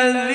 الذي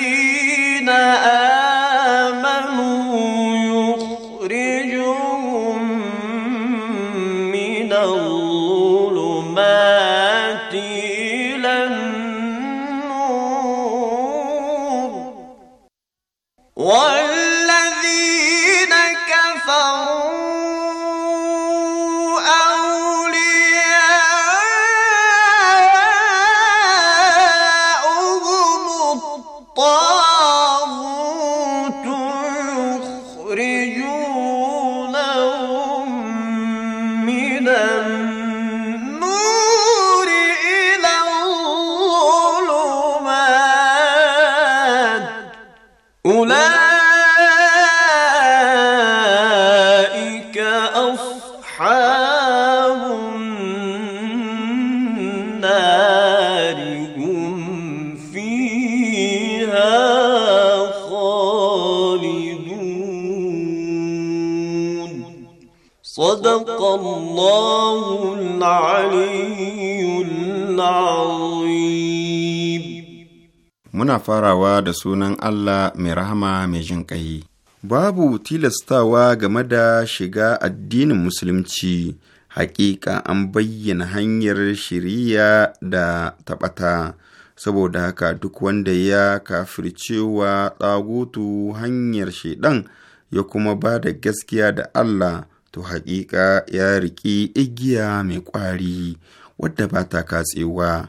muna farawa da sunan Allah mai rahama mai jin ƙai. Babu tilastawa game da shiga addinin Musulunci, hakika an bayyana hanyar shiriya da taɓata, saboda haka duk wanda ya kafircewa tsagutu hanyar shaiɗan ya kuma ba da gaskiya da Allah, to hakika ya riƙi igiya mai ƙwari, wadda ba ta katsewa.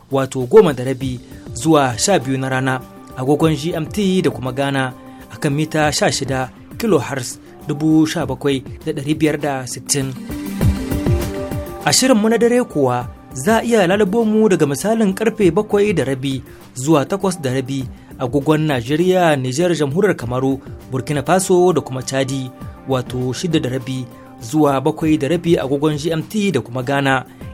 wato goma da rabi zuwa sha biyu na rana agogon gmt da kuma ghana a kan mita biyar kilohertz sittin. a shirinmu na dare kuwa za a iya lalubo mu daga misalin karfe bakwai da rabi zuwa takwas da rabi agogon najeriya nijar jamhuriyar kamaru burkina faso da kuma chadi wato shida da rabi zuwa bakwai da rabi agogon gmt da kuma ghana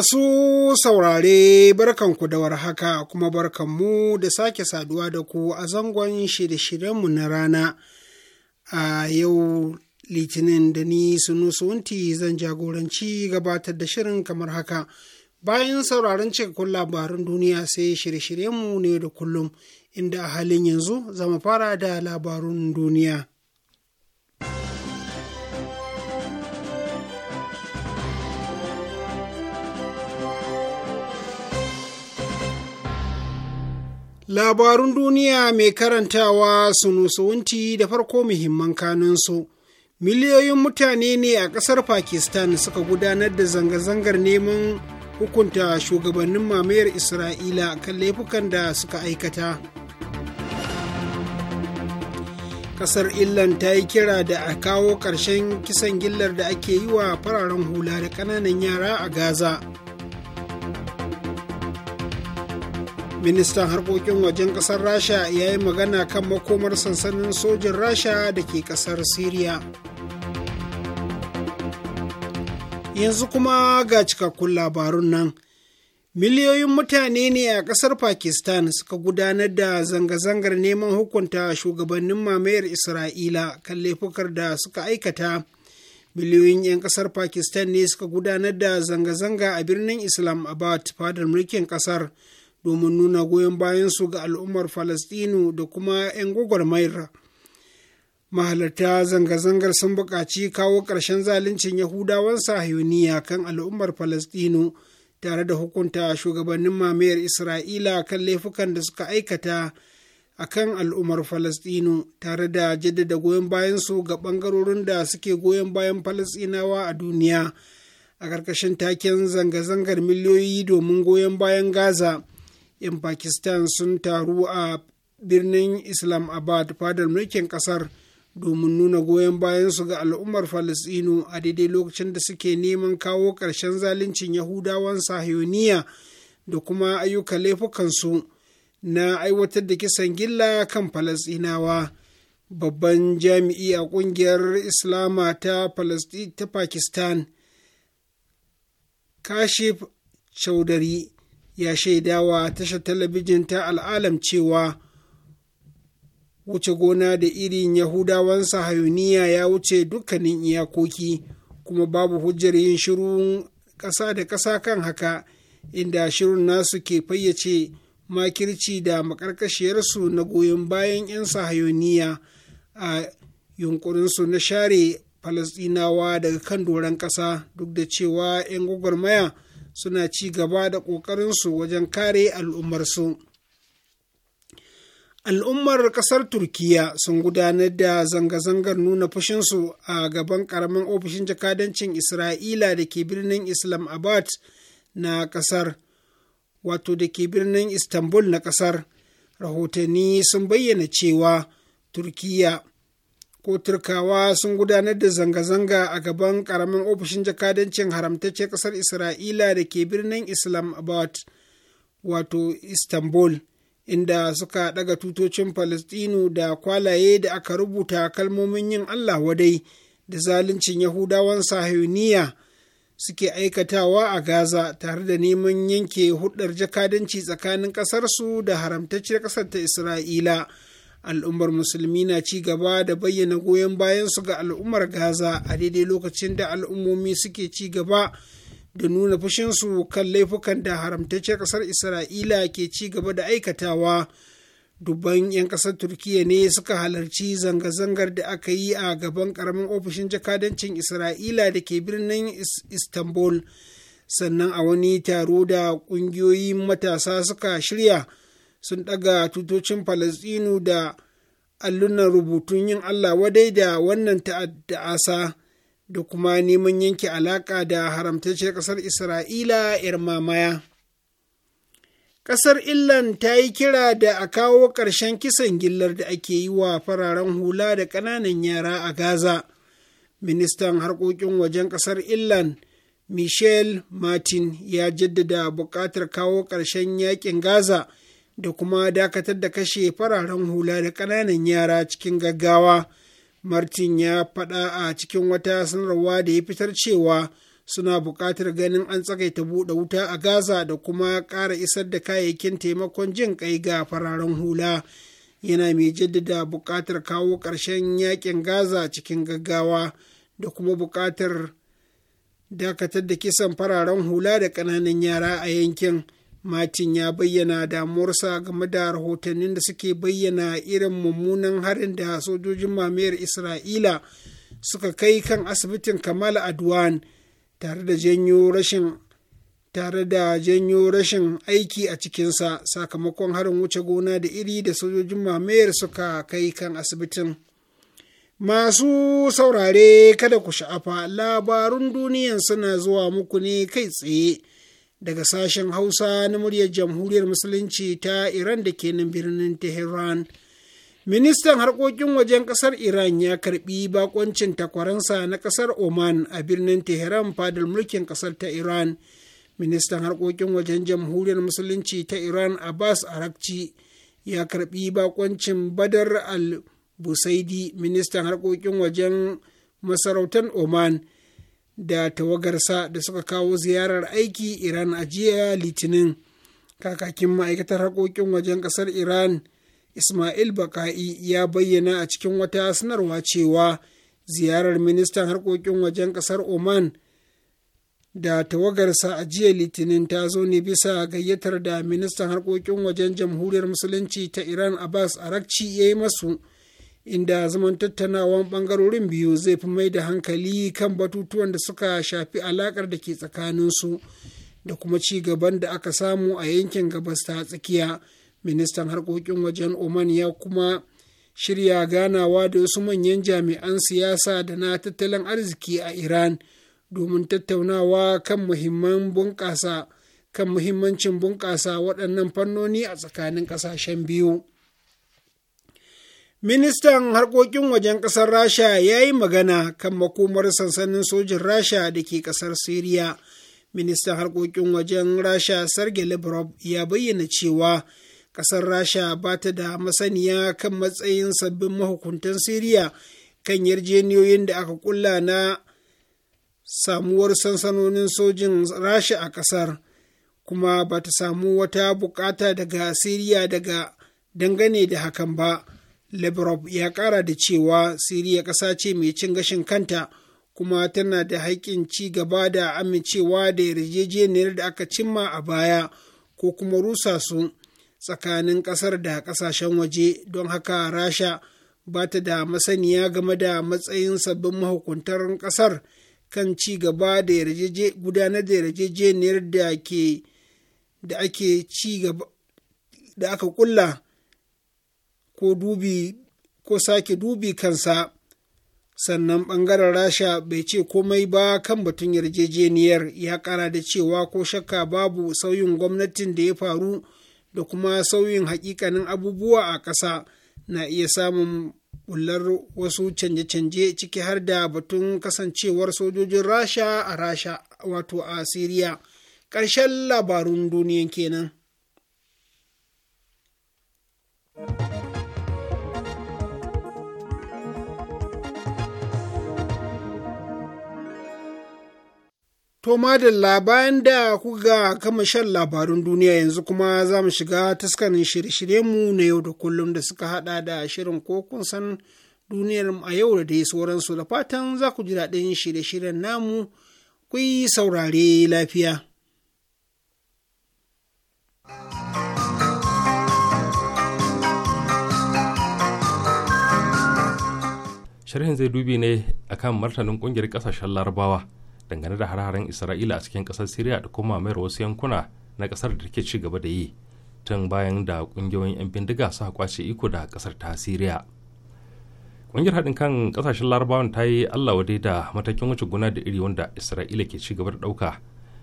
Masu saurare barkanku da haka, kuma barkanmu da sake saduwa da ku a zangon shirye-shiryenmu na rana a yau litinin da ni sunusunti zan jagoranci gabatar da shirin kamar haka. Bayan sauraron cikakkun labarun duniya sai shirye-shiryenmu ne da kullum inda a halin yanzu zama fara da labarun duniya. Labarun duniya mai karantawa su sunusuwunti da farko muhimman kanunsu. Miliyoyin mutane ne a ƙasar Pakistan suka gudanar da zanga-zangar neman hukunta shugabannin mamayar Isra'ila kan laifukan da suka aikata. Ƙasar Ilan ta yi kira da a kawo ƙarshen kisan gillar da ake yi wa fararen hula da ƙananan yara a Gaza. ministan harkokin wajen kasar rasha ya yi magana kan makomar sansanin sojin rasha da ke kasar syria yanzu kuma ga cikakkun labarun nan miliyoyin mutane ne a kasar pakistan suka gudanar da zanga-zangar neman hukunta shugabannin mamayar isra'ila kan laifukar da suka aikata miliyoyin 'yan kasar pakistan ne suka gudanar da zanga-zanga a birnin islamabad fadar mulkin kasar domin nuna goyon bayansu ga al'ummar falastinu da kuma 'yan gwagwarmayar mahalarta zanga-zangar sun buƙaci kawo ƙarshen zaluncin yahudawan sahiyoniya kan al'ummar falastinu tare da hukunta shugabannin mamayar isra'ila kan laifukan da suka aikata a kan al'ummar falastinu tare da jaddada goyon bayansu ga ɓangarorin da suke goyon bayan falastinawa a duniya a ƙarƙashin taken zanga-zangar miliyoyi domin goyon bayan gaza 'yan pakistan sun taru a birnin islamabad fadar mulkin kasar domin nuna goyon bayansu ga al'ummar falasɗinu a daidai lokacin da suke neman kawo ƙarshen zaluncin yahudawan sahiyoniya da kuma ayyuka laifukansu na aiwatar da kisan gilla kan falasɗinawa babban jami'i a ƙungiyar islama ta ta pakistan kashif chaudhary ya shaidawa tashar talabijin ta al'alam cewa wuce gona da irin yahudawan sahayuniya ya wuce dukkanin iyakoki kuma babu hujjar yin shirin ƙasa da ƙasa kan haka inda shirin nasu ke fayyace makirci da makarkashiyarsu na goyon bayan 'yan sahayoniya a yunkurinsu na share falasɗinawa daga kan doron ƙasa duk da cewa 'yan gwagwarmaya maya suna ci gaba da ƙoƙarinsu wajen kare al'ummarsu. Al'ummar ƙasar Turkiyya sun gudanar da zanga-zangar nuna fushinsu a gaban ƙaramin ofishin jakadancin Isra'ila da ke birnin abad na ƙasar, wato da ke birnin Istanbul na ƙasar. Rahotanni sun bayyana cewa Turkiyya ko turkawa sun gudanar da zanga-zanga a gaban karamin ofishin jakadancin haramtacce ƙasar isra'ila da ke birnin islamabad wato istanbul inda suka ɗaga tutocin falastinu da kwalaye da aka rubuta kalmomin yin allah wadai da zaluncin yahudawan Sahuniya suke aikatawa a gaza tare da neman yanke hudar jakadanci tsakanin ƙasarsu da haramtacciyar ƙasar ta isra'ila al'ummar musulmi na ci gaba da bayyana goyon bayansu ga al'ummar gaza a daidai lokacin da al'ummomi suke ci gaba da nuna fushinsu kan laifukan da haramtacciyar ƙasar isra'ila ke ci gaba da aikatawa dubban 'yan ƙasar turkiya ne suka halarci zanga-zangar da aka yi a gaban ƙaramin ofishin jakadancin isra'ila da ke birnin istanbul sannan a wani taro da ƙungiyoyin matasa suka shirya sun ɗaga tutocin falasɗinu da allunan rubutun yin allah wadai da wannan ta'asa da kuma neman yanke alaƙa da haramtacce ƙasar isra'ila 'yar mamaya ƙasar Ilan ta yi kira da a kawo ƙarshen kisan gillar da ake yi wa fararen hula da ƙananan yara a Gaza. Ministan harkokin wajen ƙasar Ilan, Michel Martin, ya jaddada buƙatar kawo ƙarshen yakin Gaza da kuma dakatar da kashe fararen hula da ƙananan yara cikin gaggawa martin ya faɗa a cikin wata sanarwa da ya fitar cewa suna buƙatar ganin an tsakaita buɗe wuta a gaza da kuma ƙara isar da kayayyakin taimakon jin ƙai ga fararen hula yana mai jaddada buƙatar kawo ƙarshen yakin gaza cikin gaggawa da kuma buƙatar dakatar da kisan fararen hula da ƙananan yara a yankin. Martin ya bayyana damuwarsa game da rahotannin da suke bayyana irin mummunan harin da sojojin mamayar Isra'ila suka kai kan asibitin Kamal Adwan tare da janyo rashin tare da janyo rashin aiki a cikinsa sakamakon harin wuce gona da iri da sojojin mamayar suka kai kan asibitin. Masu saurare kada ku sha'afa labarun duniyan suna zuwa muku ne kai tsaye daga sashen hausa na muryar jamhuriyar musulunci ta iran da ke nan birnin tehran ministan harkokin wajen kasar iran ya karbi bakoncin takwaransa na kasar oman a birnin tehran fadar mulkin kasar ta iran ministan harkokin wajen jamhuriyar musulunci ta iran abbas arakci ya karbi bakoncin badar al busaidi ministan harkokin wajen masarautar oman da tawagarsa da suka kawo ziyarar aiki iran a jiya litinin kakakin ma'aikatar haƙoƙin wajen ƙasar iran ismail baka'i ya bayyana a cikin wata sanarwa cewa ziyarar ministan harkokin wajen ƙasar oman da tawagarsa a jiya litinin ta zo ne bisa gayyatar da ministan harkokin wajen jamhuriyar musulunci ta iran abbas arakci ya yi masu inda zaman tattaunawan bangarorin biyu zai fi mai da hankali kan batutuwan da suka shafi alaƙar da ke tsakaninsu da kuma ci gaban da aka samu a yankin gabas ta tsakiya ministan harkokin wajen oman ya kuma shirya ganawa da wasu manyan jami'an siyasa da na tattalin arziki a iran domin tattaunawa kan muhimman bunƙasa kan muhimmancin bunƙasa waɗannan fannoni a tsakanin ƙasashen biyu. Ministan harkokin wajen ƙasar Rasha ya yi magana kan makomar sansanin sojin Rasha da ke ƙasar Siriya. Ministan harkokin wajen Rasha Sergei Lavrov ya bayyana cewa ƙasar Rasha ba ta da masaniya kan matsayin sabbin mahukuntan Siriya kan yarjeniyoyin da aka kulla na samuwar sansanonin sojin Rasha a ƙasar, kuma ba ta samu wata bukata daga Siriya daga dangane da hakan ba. Lebrov ya ƙara da cewa Siriya ƙasa ce mai cin gashin kanta kuma tana da haƙƙin ci gaba da amincewa da yarjejeniyar da aka cimma a baya ko kuma rusa su tsakanin ƙasar da ƙasashen waje don haka rasha ba ta da masaniya game da matsayin sabbin mahukuntar ƙasar kan ci gaba da gudanar da yarjejeniyar da ake ci gaba da aka kulla ko dubi ko sake dubi kansa sannan ɓangaren rasha bai ce komai ba kan batun yarjejeniyar ya ƙara da cewa ko shakka babu sauyin gwamnatin da ya faru da kuma sauyin hakikanin abubuwa a ƙasa na iya samun bullar wasu canje-canje ciki har da batun kasancewar sojojin rasha a rasha wato a siriya ƙarshen labarun duniyan kenan. To madalla bayan da kuka kama shan labarun duniya yanzu kuma za mu shiga taskanin shirye-shiryenmu na yau da kullum da suka hada da shirin ko kun san duniyar a yau da dai sauransu da fatan za ku ji daɗin shirye-shiryen namu ku yi saurare lafiya. Sharhin zai dubi ne akan martanin ƙungiyar ƙasashen larabawa. dangane da har isra'ila a cikin kasar syria da kuma mayar wasu yankuna na kasar da take ci gaba da yi tun bayan da kungiyoyin 'yan bindiga suka kwace iko da kasar ta syria kungiyar haɗin kan kasashen larabawan ta yi allah wadai da matakin wuce guna da iri wanda isra'ila ke cigaba da ɗauka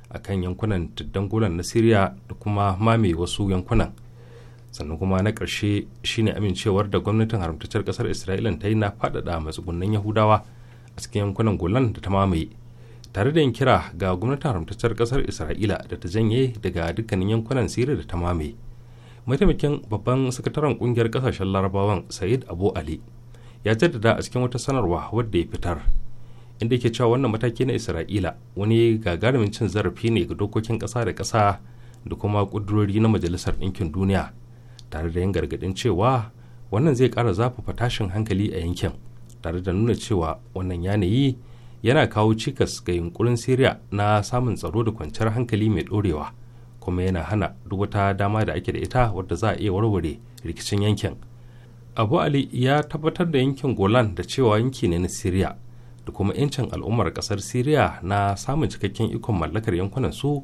a kan yankunan tuddan golan na syria da kuma mame wasu yankunan sannan kuma na ƙarshe shine amincewar da gwamnatin haramtacciyar ƙasar isra'ila ta yi na faɗaɗa matsugunan yahudawa a cikin yankunan golan da ta mamaye tare da yin kira ga gwamnatin haramtacciyar kasar isra'ila da ta janye daga dukkanin yankunan siriya da ta mame mataimakin babban sakataren kungiyar kasashen larabawan said abu ali ya jaddada a cikin wata sanarwa wadda ya fitar inda ke cewa wannan mataki na isra'ila wani gagarumin cin zarafi ne ga dokokin kasa da kasa da kuma kudurori na majalisar ɗinkin duniya tare da yin gargaɗin cewa wannan zai ƙara zafafa tashin hankali a yankin tare da nuna cewa wannan yanayi yana kawo cikas ga yunkurin Siriya na samun tsaro da kwanciyar hankali mai ɗorewa kuma yana hana duk wata dama da ake da ita wadda za a iya warware rikicin yankin. Abu Ali ya tabbatar da yankin Golan da cewa yanki ne na Siriya da kuma 'yancin al'ummar kasar Siriya na samun cikakken ikon mallakar yankunan su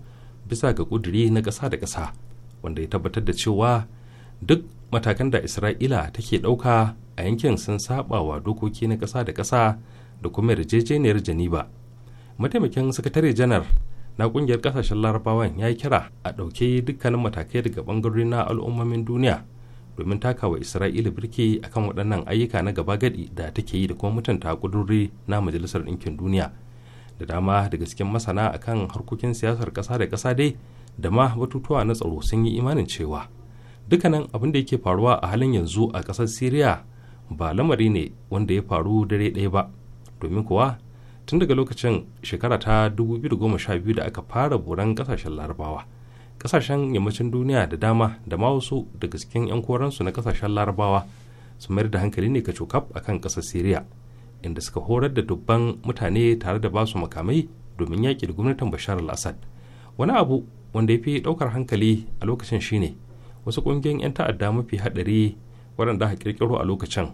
bisa ga kuduri na ƙasa da ƙasa wanda ya tabbatar da cewa duk matakan da Isra'ila take ɗauka a yankin sun saba wa dokoki na ƙasa da ƙasa da kuma yarjejeniyar janiba Mataimakin sakatare janar na kungiyar kasashen larabawan ya kira a ɗauke dukkanin matakai daga bangarori na al'ummomin duniya domin taka wa isra'ila birki akan waɗannan ayyuka na gaba gadi da take yi da kuma mutunta kudurri na majalisar ɗinkin duniya da dama daga cikin masana akan harkokin siyasar ƙasa da ƙasa dai da ma batutuwa na tsaro sun yi imanin cewa dukkanin abin da yake faruwa a halin yanzu a ƙasar syria ba lamari ne wanda ya faru dare ɗaya ba domin kuwa tun daga lokacin shekara ta 2012 da aka fara buran kasashen larabawa kasashen yammacin duniya da dama da ma wasu daga cikin 'yan koransu na kasashen larabawa su mayar da hankali ne ka cokaf a kan ƙasar syria inda suka horar da dubban mutane tare da basu makamai domin yaƙi da gwamnatin bashar al-assad wani abu wanda ya fi ɗaukar hankali a lokacin shine wasu ƙungiyoyin 'yan ta'adda mafi haɗari waɗanda aka ƙirƙiro a lokacin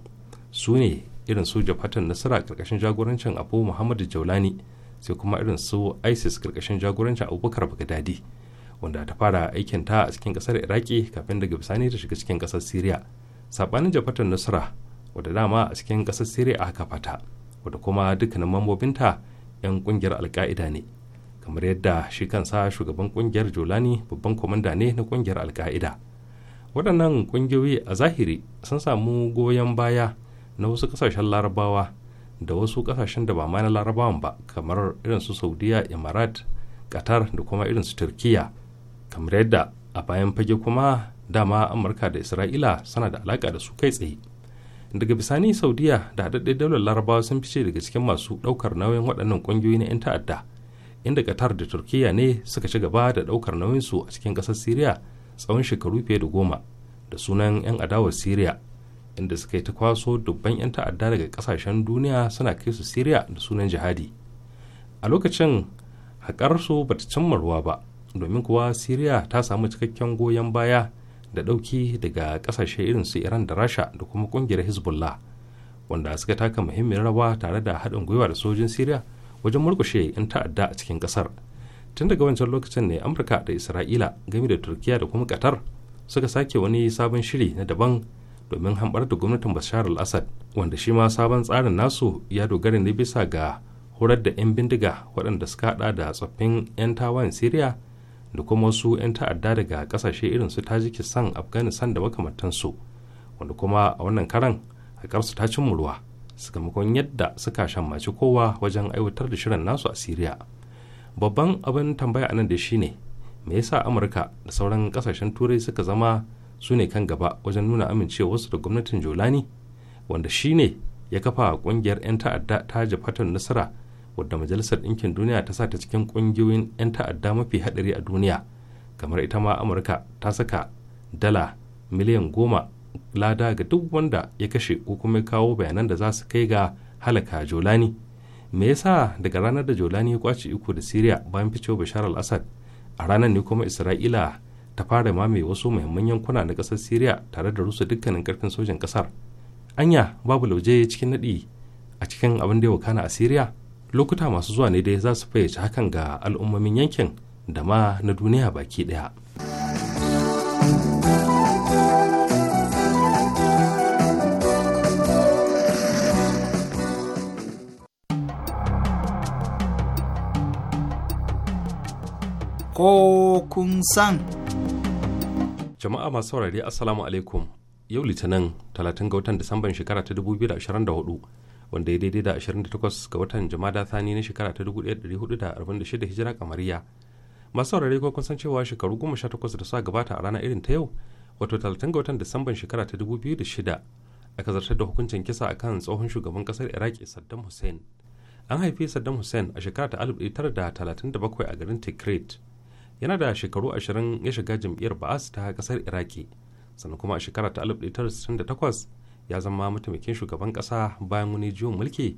su ne irin su jafatan nasara karkashin jagorancin abu muhammadu jaulani sai kuma irin su isis karkashin jagorancin abubakar bagdadi wanda ta fara aikin ta a cikin kasar iraki kafin daga bisani ta shiga cikin kasar syria sabanin jafatan nasara wadda dama a cikin kasar syria aka fata wadda kuma dukkanin mambobinta 'yan kungiyar alka'ida ne kamar yadda shi kansa shugaban kungiyar jolani babban kwamanda ne na kungiyar alka'ida waɗannan ƙungiyoyi a zahiri sun samu goyon baya na wasu kasashen larabawa da wasu kasashen da ba ma na larabawan ba kamar irin su saudiya imarat qatar da kuma irin su turkiya kamar yadda a bayan fage kuma dama amurka da isra'ila suna da alaka da su kai tsaye daga bisani saudiya da haɗaɗɗen daular larabawa sun fice daga cikin masu ɗaukar nauyin waɗannan ƙungiyoyi na 'yan ta'adda inda qatar da turkiya ne suka ci gaba da ɗaukar nauyinsu a cikin ƙasar syria tsawon shekaru fiye da goma da sunan 'yan adawar syria inda suka yi ta kwaso dubban 'yan ta'adda daga kasashen duniya suna kai su siriya da sunan jihadi a lokacin haƙarsu ba ta cimma ruwa ba domin kuwa siriya ta samu cikakken goyon baya da ɗauki daga ƙasashe irin su iran da rasha da kuma ƙungiyar hezbollah wanda suka taka muhimmiyar rawa tare da haɗin gwiwa da sojin siriya wajen murkushe 'yan ta'adda a cikin ƙasar tun daga wancan lokacin ne amurka da isra'ila gami da turkiya da kuma qatar suka sake wani sabon shiri na daban domin hambar da gwamnatin bashar al-assad wanda shi ma sabon tsarin nasu ya dogara ne bisa ga horar da 'yan bindiga waɗanda suka haɗa da tsoffin 'yan tawayen syria da kuma wasu 'yan ta'adda daga ƙasashe irin su tajikistan afghanistan da makamantansu wanda kuma a wannan karan su ta cin murwa sakamakon yadda suka shammaci kowa wajen aiwatar da shirin nasu a syria babban abin tambaya a nan da ne me yasa amurka da sauran ƙasashen turai suka zama su ne kan gaba wajen nuna amincewarsu da gwamnatin jolani wanda shi ne ya kafa kungiyar 'yan ta'adda ta jafatan nasara wadda majalisar ɗinkin duniya ta sa ta cikin ƙungiyoyin 'yan ta'adda mafi haɗari a duniya kamar ita ma amurka ta saka dala miliyan goma lada ga duk wanda ya kashe ko kuma kawo bayanan da za su kai ga halaka jolani me yasa daga ranar da jolani ya kwace iko da siriya bayan ficewa bashar al-assad a ranar ne kuma isra'ila ta fara mame wasu muhimman yankuna na ƙasar syria tare da rusa dukkanin karfin sojan ƙasar anya babu lauje cikin naɗi a cikin abin da ya wakana a siriya lokuta masu zuwa ne dai za su fayyace hakan ga al'ummomin yankin da ma na duniya baki ɗaya. ko kun san. jama'a masu saurari assalamu alaikum yau litinin 30 ga watan disamban shekara ta 2024 wanda ya daidai da 28 ga watan jama'a thani na shekara ta 1446 hijira kamariya masu saurari ko kun san cewa shekaru 18 da suka gabata a rana irin ta yau wato 30 ga watan disamban shekara ta 2006 aka zartar da hukuncin kisa akan tsohon shugaban kasar iraki saddam hussein an haifi saddam hussein a shekara ta 1937 a garin tikrit yana da shekaru ashirin ya shiga jam'iyyar ba'as ta kasar iraki sannan kuma a shekara ta 1968 ya zama mataimakin shugaban kasa bayan wani jiwon mulki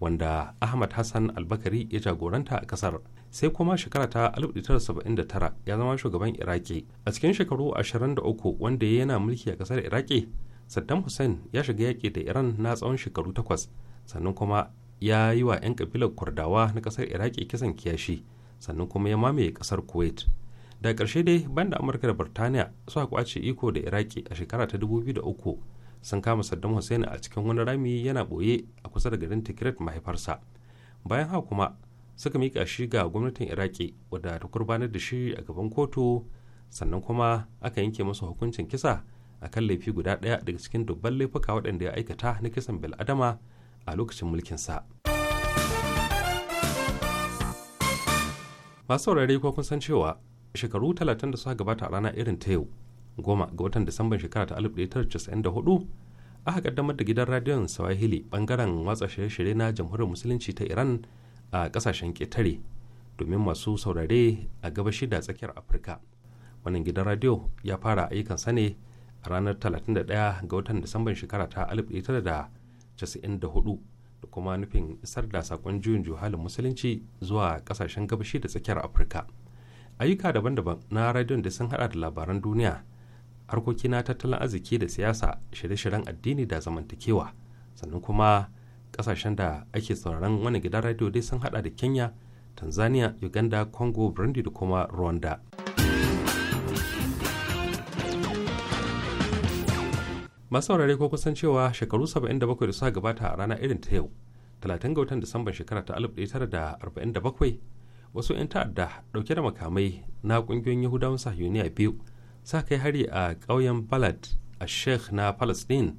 wanda ahmad hassan albakari ya jagoranta a kasar sai kuma shekara ta 1979 ya zama shugaban iraki a cikin shekaru ashirin 23 wanda ya yana mulki a kasar iraki saddam hussein ya shiga yaƙi da iran na tsawon shekaru takwas sannan kuma ya yi wa 'yan kabilar kurdawa na kasar iraki kisan kiyashi sannan kuma ya mamaye kasar kuwait da ƙarshe dai banda amurka da birtaniya suka kwace iko da iraki a shekara ta 2003 sun kama saddam hussein a cikin wani rami yana boye a kusa da garin tikrit mahaifarsa bayan haka kuma suka mika shi ga gwamnatin iraki wadda ta gurbanar da shi a gaban kotu sannan kuma aka yanke masa hukuncin kisa a kan laifi guda daya daga cikin dubban laifuka waɗanda ya aikata na kisan bil'adama a lokacin mulkinsa. sa masu saurari ko kun san cewa shekaru 30 da suka gabata a rana irin ta yau goma ga watan disamban shekara ta 1994 aka kaddamar da gidan radiyon swahili bangaren watsa shirye-shirye na jamhuriyar musulunci ta iran a kasashen ketare domin masu saurare a gabashi da tsakiyar afirka wannan gidan radiyo ya fara ayyukansa ne a ranar 31 ga watan disamban shekara ta 1994 da kuma nufin isar da sakon juyin juhalin musulunci zuwa kasashen gabashi da tsakiyar afirka ayyuka daban-daban na radiyon da sun hada da labaran duniya harkoki na tattalin arziki da siyasa shirye-shiryen addini da zamantakewa sannan kuma kasashen da ake sauraron wani gidan radiyo dai sun hada da kenya tanzania uganda congo burundi da kuma rwanda masu ko kusan cewa shekaru 77 da suka gabata a rana irin ta yau 30 ga watan disamban shekara ta 1947 wasu 'yan ta'adda dauke da makamai na kungiyoyin yahudawan sahiyoniya biyu sa kai hari a ƙauyen balad a sheikh na palestine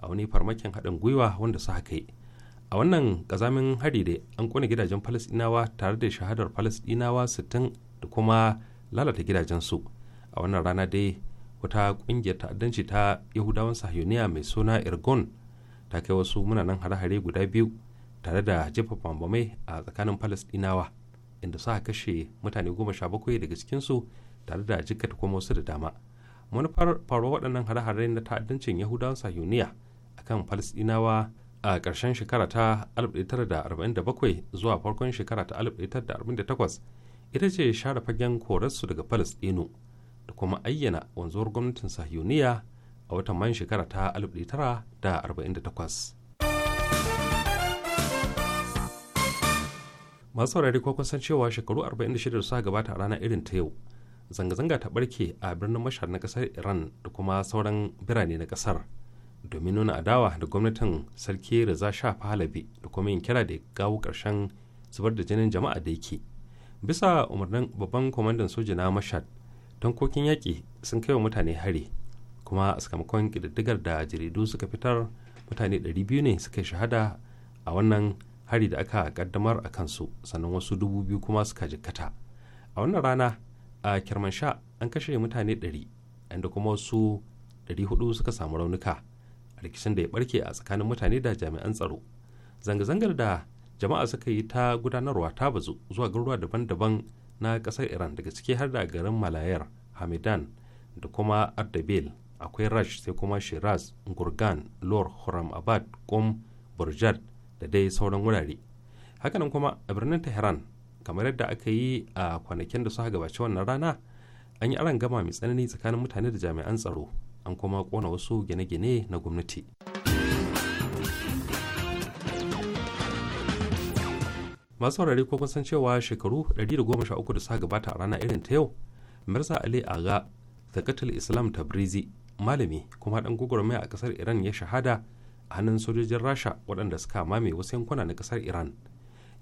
a wani farmakin haɗin gwiwa wanda su haka yi a wannan ƙazamin hari da an ƙone gidajen palestinawa tare da shahadar palestinawa 60 da kuma lalata gidajensu a wannan rana dai wata ƙungiyar ta'addanci ta yahudawan sahiyoniya mai suna irgun ta kai wasu munanan hare-hare guda biyu tare da jefa bambamai a tsakanin palestinawa inda suka kashe mutane goma sha bakwai daga cikinsu tare da jikkata kuma wasu da dama manufar faruwa waɗannan hare-hare na ta'addancin yahudawan sahiyoniya kan palestinawa a ƙarshen shekara ta 1947 zuwa farkon shekara ta 1948 ita ce share fagen korarsu daga palestino da kuma ayyana wanzuwar gwamnatin sahiyoniya a watan mayan shekara ta 1948 masu saurari ko san cewa shekaru 46 suka gabata a rana irin ta yau zanga-zanga ta barke a birnin mashar na kasar iran da kuma sauran birane na kasar domin nuna adawa da gwamnatin sarki Reza sha Pahlavi da kuma yin kira da gawo karshen zubar da jinin jama'a da yake. Bisa umarnin babban kwamandan soja na Mashad tankokin yaƙi sun kai wa mutane hari kuma sakamakon ƙididdigar da jaridu suka fitar mutane 200 ne suka shahada a wannan hari da aka kaddamar a kansu sannan wasu dubu biyu kuma suka jikkata a wannan rana a kirmansha an kashe mutane 100 inda kuma wasu 400 suka samu raunuka a rikicin da ya barke a tsakanin mutane da jami'an tsaro zanga-zangar da jama'a suka yi ta gudanarwa ta bazu zuwa garuruwa daban-daban na kasar iran daga ciki har da garin malayar hamidan da kuma ardabil akwai rash sai kuma shiraz gurgan lor abad kum burjad da dai sauran wurare hakanan kuma a birnin tehran kamar yadda aka yi a kwanakin da suka gabaci wannan rana an yi aron gama mai tsanani tsakanin mutane da jami'an tsaro an kuma kona wasu gine-gine na gwamnati. masu saurare ko kasancewa cewa shekaru 113 da suka gabata a rana irin ta yau mirza ali aga zakatul islam tabrizi malami kuma dan gwagwarmaya a kasar iran ya shahada a hannun sojojin rasha waɗanda suka mame wasu yankuna na kasar iran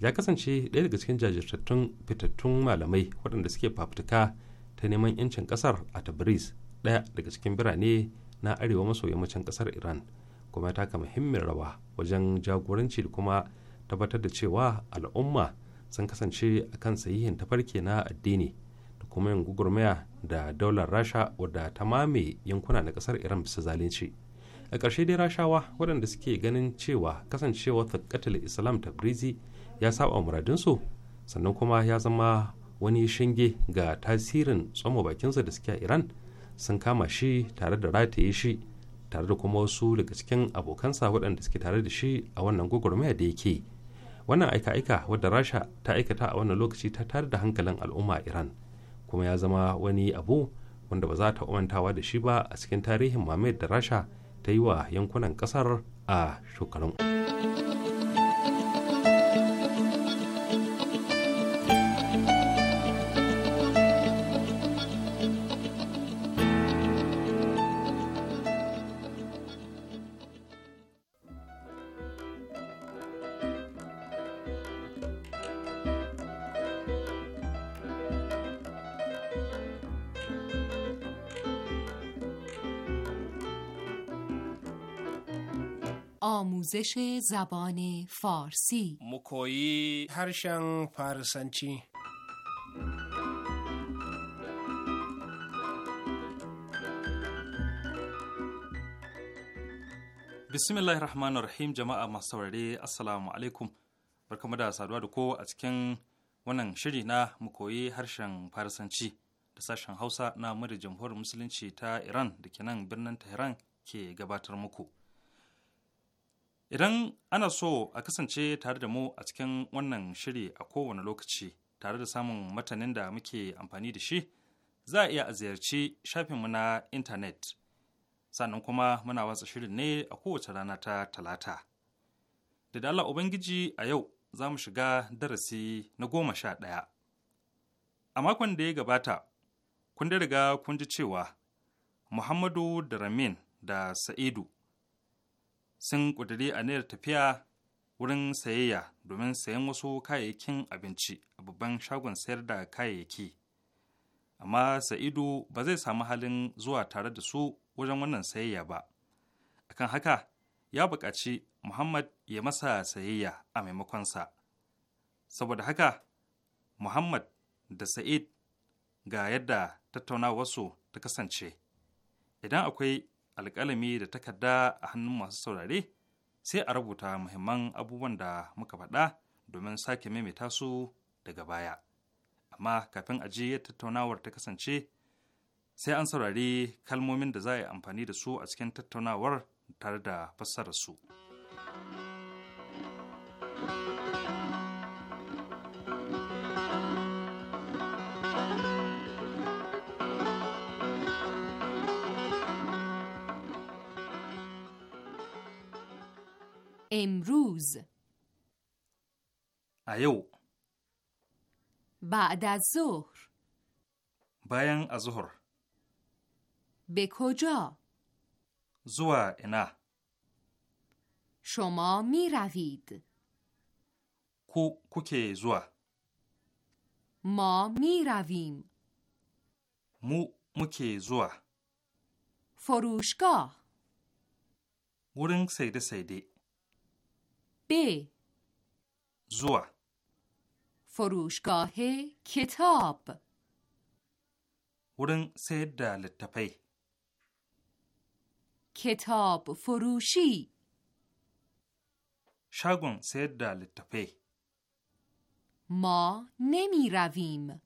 ya kasance ɗaya daga cikin jajirtattun fitattun malamai waɗanda suke fafutuka ta neman yancin kasar a tabriz ɗaya daga cikin birane na arewa maso yammacin kasar iran kuma taka muhimmin rawa wajen jagoranci da kuma tabbatar da cewa al'umma sun kasance a kan sahihin tafarki na addini da kuma yin gugurmaya da daular rasha wadda ta mame yankuna na kasar iran bisa zalunci a ƙarshe dai rashawa waɗanda suke ganin cewa kasancewa taƙatul islam tabrizi ya saba muradinsu sannan kuma ya zama wani shinge ga tasirin tsoma bakinsa da suke a iran sun kama shi tare da rataye shi tare da kuma wasu daga cikin abokansa waɗanda suke tare da shi a wannan gwagwarmaya da yake yi wannan aika-aika wadda rasha ta aikata a wannan lokaci ta tare da hankalin al'umma iran kuma ya zama wani abu wanda ba za ta umantawa da shi ba a cikin tarihin mamayar da rasha ta yi wa yankunan kasar a shekarun. آموزش زبان فارسی مکویی هرشن فارسنچی bismillahir rahmanir rahim jama'a masu saurare assalamu alaikum barkamu da saduwa da ko a cikin wannan shiri na mu koyi harshen farisanci da sashen hausa na murya jamhuriyar musulunci ta iran da ke nan birnin tehran ke gabatar muku Idan ana so a kasance tare da mu a cikin wannan shiri a kowane lokaci tare da samun matanin da muke amfani da shi, za a iya a ziyarci shafinmu na intanet. Sannan kuma muna watsa shirin ne a kowace rana ta talata. Da dala Ubangiji a yau za mu shiga darasi na goma sha ɗaya. A makon da ya gabata, kun riga kun ji cewa Muhammadu da Ramin da Sa'idu sun ƙudiri aniyar tafiya wurin sayayya domin sayan wasu kayayyakin abinci a babban shagon sayar da kayayyaki amma sa'idu ba zai samu halin zuwa tare da su wajen wannan sayayya ba akan haka ya buƙaci muhammad ya masa sayayya a maimakonsa saboda haka muhammad da sa'id ga yadda wasu ta kasance idan akwai alƙalami da takarda a hannun masu saurare sai a rubuta muhimman abubuwan da muka faɗa domin sake maimaita su daga baya amma kafin a je tattaunawar ta kasance sai an saurari kalmomin da za a yi amfani da su a cikin tattaunawar tare da fassararsu. su امروز ایو بعد از ظهر بیان از ظهر به کجا زوا انا شما می روید کو که زوا ما می رویم مو مکه زوا فروشگاه ورنگ سیده سیده ب زوا فروشگاه کتاب ورن سید دا کتاب فروشی شاگون سید دا ما نمی رویم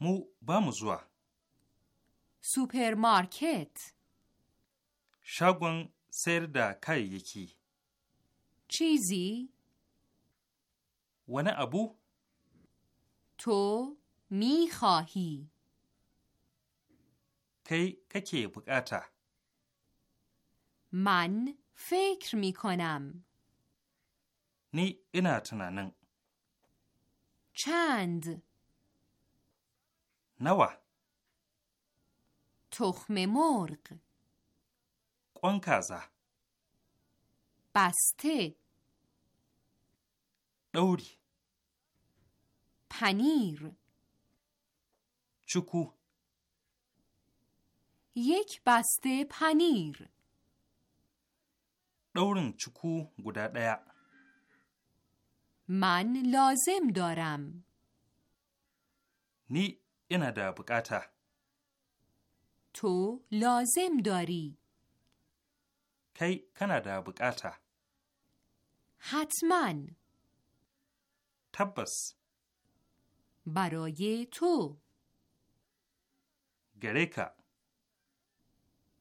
مو با زوا سوپرمارکت شاگون سرد دا کاییکی چیزی نه ابو تو می خواهی کی ککی بکاتا من فکر می کنم نی اینا تنانن چند نوا تخم مرغ قنکازه بسته دوری پنیر چکو یک بسته پنیر دورن چکو گودا دیا من لازم دارم نی اینا دا بکاتا تو لازم داری کی کنا دا بکاتا حتماً تبس برای تو گریکا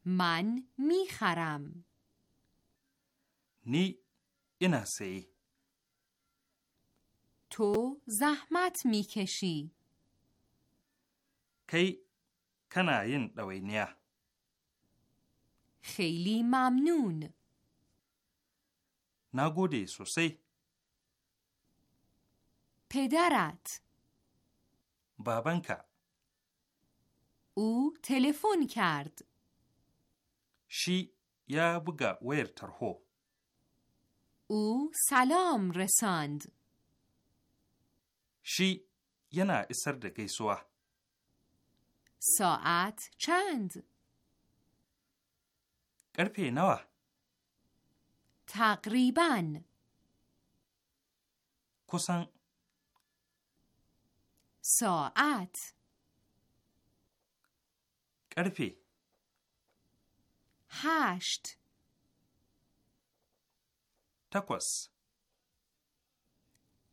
من میخرم نی اینا تو زحمت میکشی کی کناین دوینیا خیلی ممنون نگودی سوسی پدرت بابنکا او تلفن کرد شی یا بگا ویر ترهو او سلام رساند شی ینا اسر ده گیسوا ساعت چند قرپه نوا تقریبا کسان ساعت کرپی هشت تکوس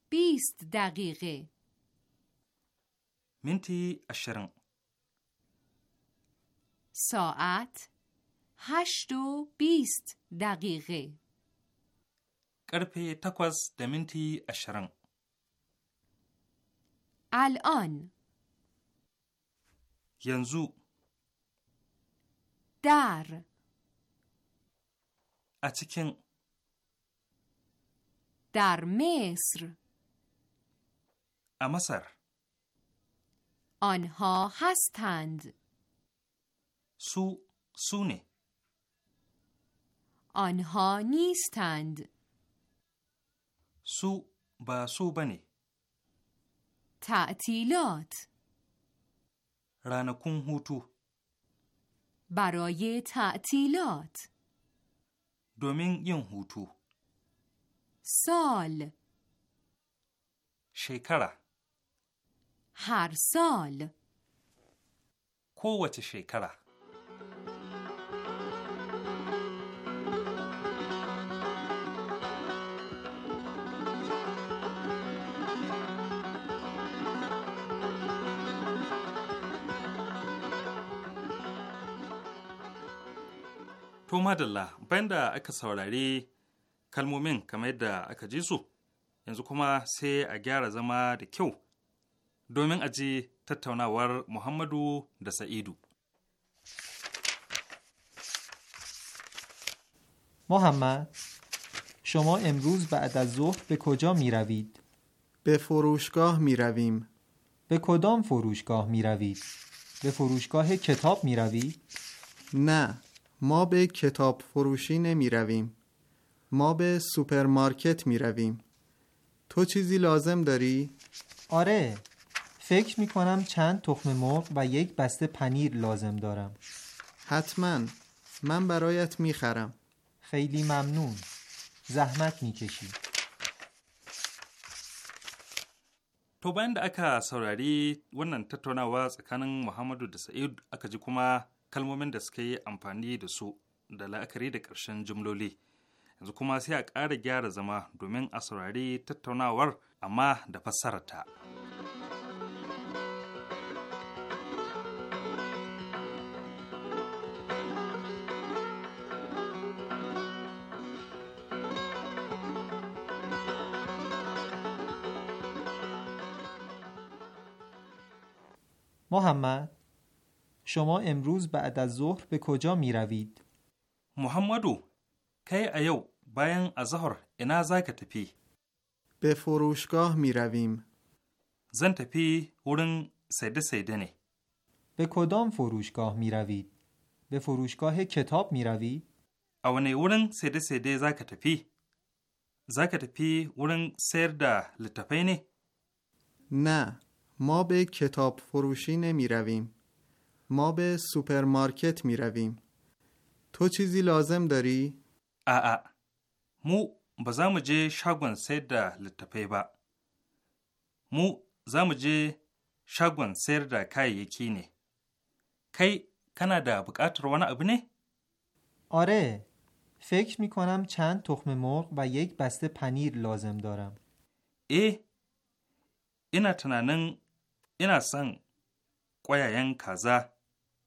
بیست دقیقه منتی اشرن ساعت هشت و بیست دقیقه کرپی تکوس دمنتی اشرن الان ینزو در اتیکن در مصر امسر آنها هستند سو سونه آنها نیستند سو با سو بنه تعطیلات رانکون هوتو برای تعطیلات دومین ین هوتو سال شکر هر سال کووچه شکر To madalla bayan da aka saurari kalmomin kamar yadda aka ji su yanzu kuma sai a gyara zama da kyau domin a ji tattaunawar Muhammadu da Sa'idu. محمد شما امروز بعد از ظهر به کجا می روید؟ به فروشگاه می رویم. به کدام فروشگاه می روید؟ به فروشگاه کتاب می روید؟ نه ما به کتاب فروشی نمی رویم. ما به سوپرمارکت می رویم. تو چیزی لازم داری؟ آره فکر می کنم چند تخم مرغ و یک بسته پنیر لازم دارم حتما من برایت می خرم خیلی ممنون زحمت می کشی توبند بند سراری aka saurari wannan tattaunawa tsakanin Muhammadu da Sa'id aka kalmomin da suka yi amfani da su da la'akari da ƙarshen jimloli yanzu kuma sai a ƙara gyara zama domin a saurari tattaunawar amma da fassararta. محمد شما امروز بعد از ظهر به کجا می روید؟ محمدو کی ایو باین از ظهر انا زاک تپی به فروشگاه می رویم زن تپی ورن سیده سیده به کدام فروشگاه می روید؟ به فروشگاه کتاب می روید؟ اوانه ورن سیده سیده زاک تپی زاک تپی ورن سیر ده لطفه نه نه ما به کتاب فروشی نمی رویم ما به سوپرمارکت می رویم. تو چیزی لازم داری؟ آ مو بزام جه شاگون سیر ده لطفه با. مو زام جه شاگون سیر ده کای یکی نه. کی کنا ده بکات روانه ابنه؟ آره. فکر می کنم چند تخم مرغ و یک بسته پنیر لازم دارم. ای اینا تنانن اینا سن ین کازا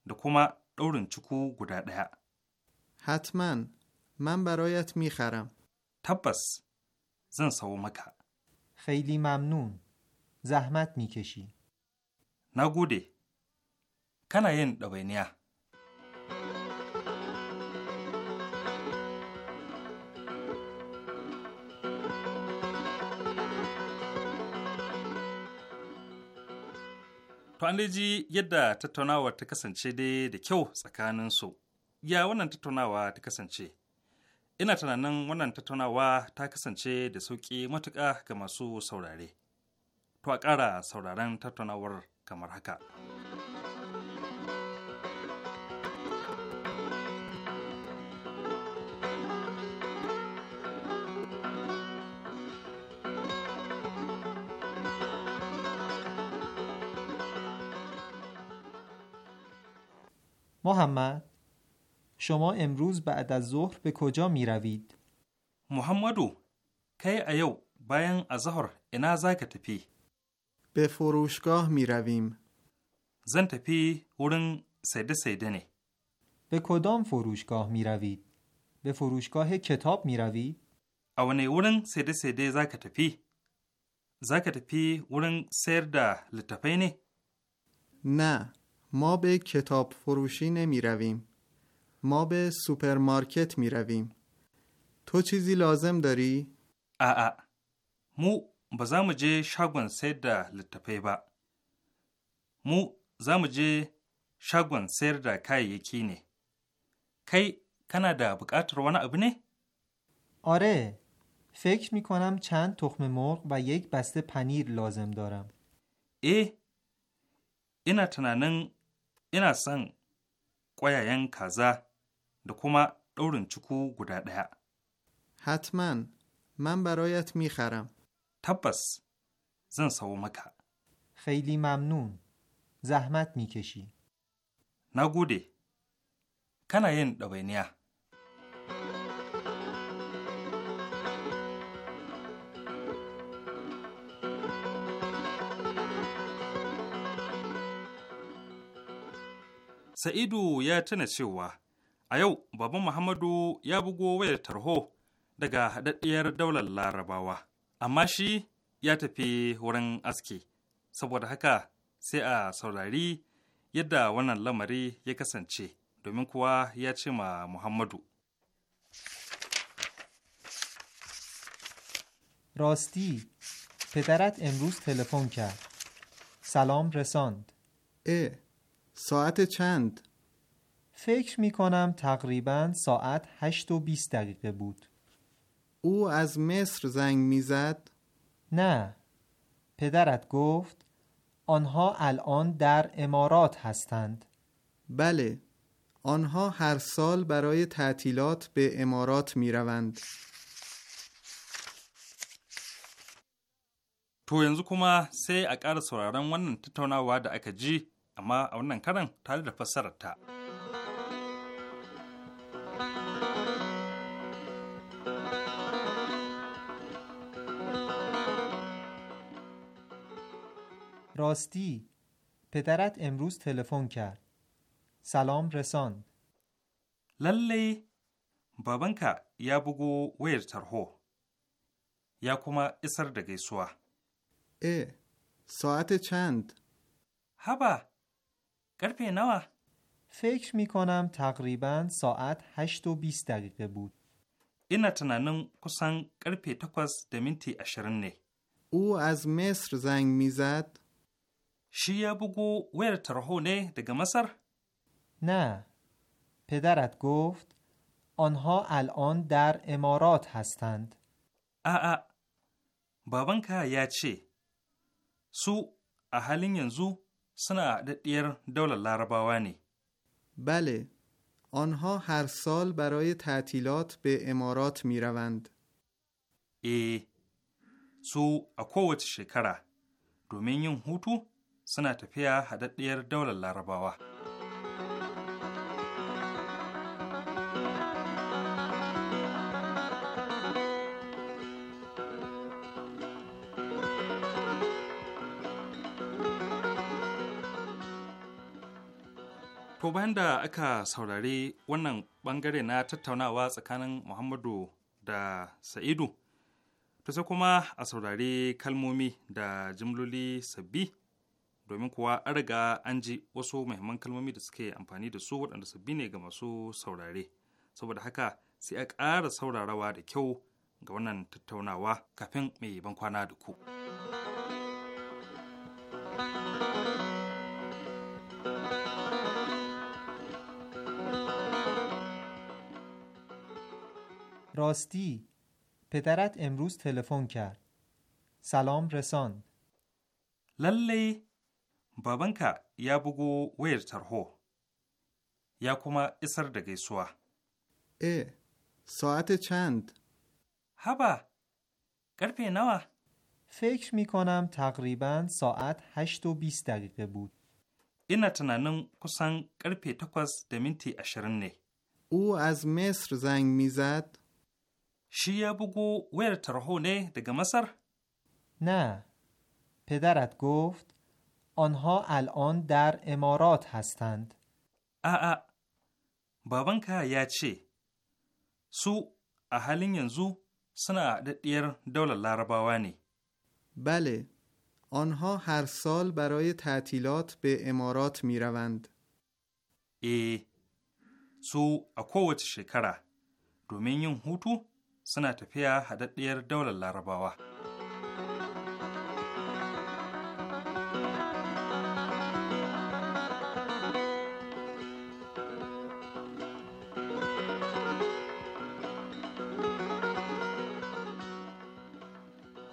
da kuma ɗaurin ciku guda ɗaya. Hatman, man barayat haram. Tabbas, zan sawo maka. zahmat mi زحمت Na gode. kana yin ɗab'ainiya? To an ji yadda tattaunawar ta kasance dai da kyau tsakanin su. Ya wannan tattaunawa ta kasance? Ina tunanin wannan tattaunawa ta kasance da sauƙi matuƙa ga masu saurare. To a ƙara sauraren tattaunawar kamar haka. محمد شما امروز بعد از ظهر به کجا می روید؟ محمدو کی ایو باین از ظهر اینا زاک تپی به فروشگاه می رویم زن تپی ورن سیده سیده نه به کدام فروشگاه می روید؟ به فروشگاه کتاب می روید؟ اونه ورن سیده سیده زاک تپی زاک تپی ورن سیر ده لطفه نی؟ نه ما به کتاب فروشی نمی رویم. ما به سوپرمارکت می رویم. تو چیزی لازم داری؟ آ مو بزام جه شاگون سیر ده لطفه با. مو زام جه شاگون سیر ده کای یکی نه. کی کنا ده بکات روانا ابنه؟ آره فکر می کنم چند تخم مرغ و یک بسته پنیر لازم دارم. ای اینا تنانن ina son ƙwayayen kaza da kuma ɗaurin cuku guda ɗaya. Hatman, man barayat mikharam. Tabbas, zan sawo maka. zahmat mi زحمت Na gode. kana yin ɗawainiya. Sa'idu ya tuna cewa a yau baba Muhammadu ya bugo wayar tarho daga haɗaɗɗiyar daular larabawa, amma shi ya tafi wurin aski, saboda haka sai a saurari yadda wannan lamari ya kasance, domin kuwa ya ce ma Muhammadu. rosti پدرت امروز تلفن کرد سلام رساند اه ساعت چند؟ فکر می کنم تقریبا ساعت هشت و بیست دقیقه بود او از مصر زنگ میزد؟ نه پدرت گفت آنها الان در امارات هستند بله آنها هر سال برای تعطیلات به امارات می روند. تو yanzu سه sai اکار ون ونن ود واد اکجی amma a wannan karan tare da fassarar ta. راستی پدرت امروز تلفن کرد سلام رساند للی بابنکا یا بگو ویر ترهو یا کما اسر دگی سوا اه ساعت چند هبا کرپی نوا فکر می کنم تقریبا ساعت هشت و بیست دقیقه بود. اینا تنانم کسان کرپی تکوز دمینتی اشرن نه. او از مصر زنگ میزد. شی یا بگو ویر ترهو نه دگه مصر؟ نه. پدرت گفت آنها الان در امارات هستند. آآ بابان که یا چه؟ سو اهلین ینزو suna daɗiyar daular larabawa ne. Bale, an ha har sal برای تعطیلات به امارات می E, su a kowace shekara domin yin hutu suna tafiya haɗaɗɗiyar daular larabawa. To bayan da aka saurari wannan bangare na tattaunawa tsakanin Muhammadu da Sa'idu, to sai kuma a saurari kalmomi da jimloli sabbi domin kuwa an riga an ji wasu muhimman kalmomi da suke amfani da su waɗanda sabbi ne ga masu saurare. Saboda haka sai a ƙara saurarawa da kyau ga wannan tattaunawa kafin mai ban kwana da ku. راستی پدرت امروز تلفن کرد سلام رساند للی بابنکا یا بگو ویر ترهو یا کما اصر دگی سوا. ساعت چند؟ هبا گرپی نوا فکر می کنم تقریبا ساعت هشت و بیست دقیقه بود اینا تنانم کسان گرپی تکوز دمینتی اشرن او از مصر زنگ میزد شی یا بگو ویر ترهو نه دگه مصر؟ نه پدرت گفت آنها الان در امارات هستند آ بابن که یا چه سو اهلین ینزو سنا دیر دول لارباوانی بله آنها هر سال برای تعطیلات به امارات می روند. ای سو اکووت شکره دومین هوتو suna tafiya haɗaɗɗiyar daular larabawa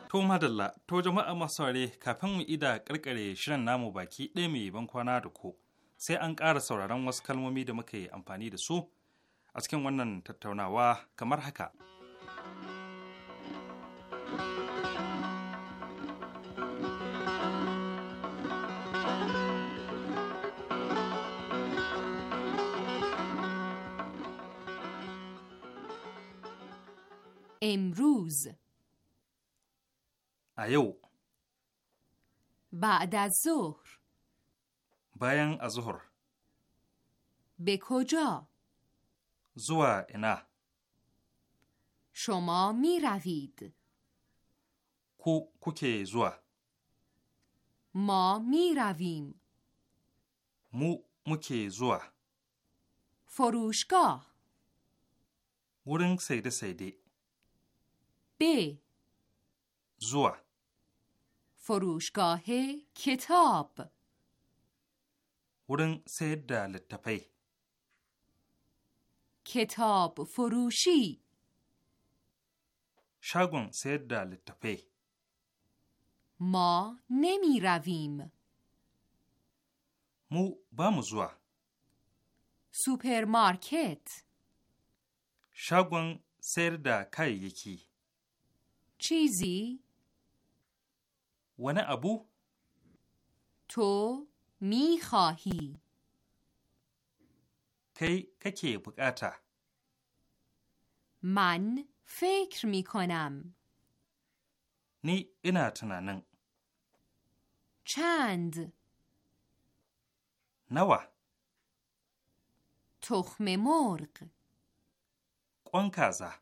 To madalla, to jama'a masu kafin mu ida karkare shirin namu baki ɗaya mai ban kwana da ku, sai an ƙara sauraron wasu kalmomi da muka yi amfani da su a cikin wannan tattaunawa kamar haka. امروز ایو بعد از ظهر بیان از ظهر به کجا زوا انا شما می روید کو کوکه زوا ما می رویم مو مکه زوا فروشگاه ورنگ سیده سیده ب زوا فروشگاه کتاب ورن سید دا لتپی کتاب فروشی شاگون سید دا لتپی ما نمی رویم مو با مزوا سوپرمارکت شاگون سیر دا کاییکی چیزی ونه ابو تو میخواهی کی ککی بکاتا من فکر میکنم نی اینا تنانن چند نوا تخم مرغ قنکازه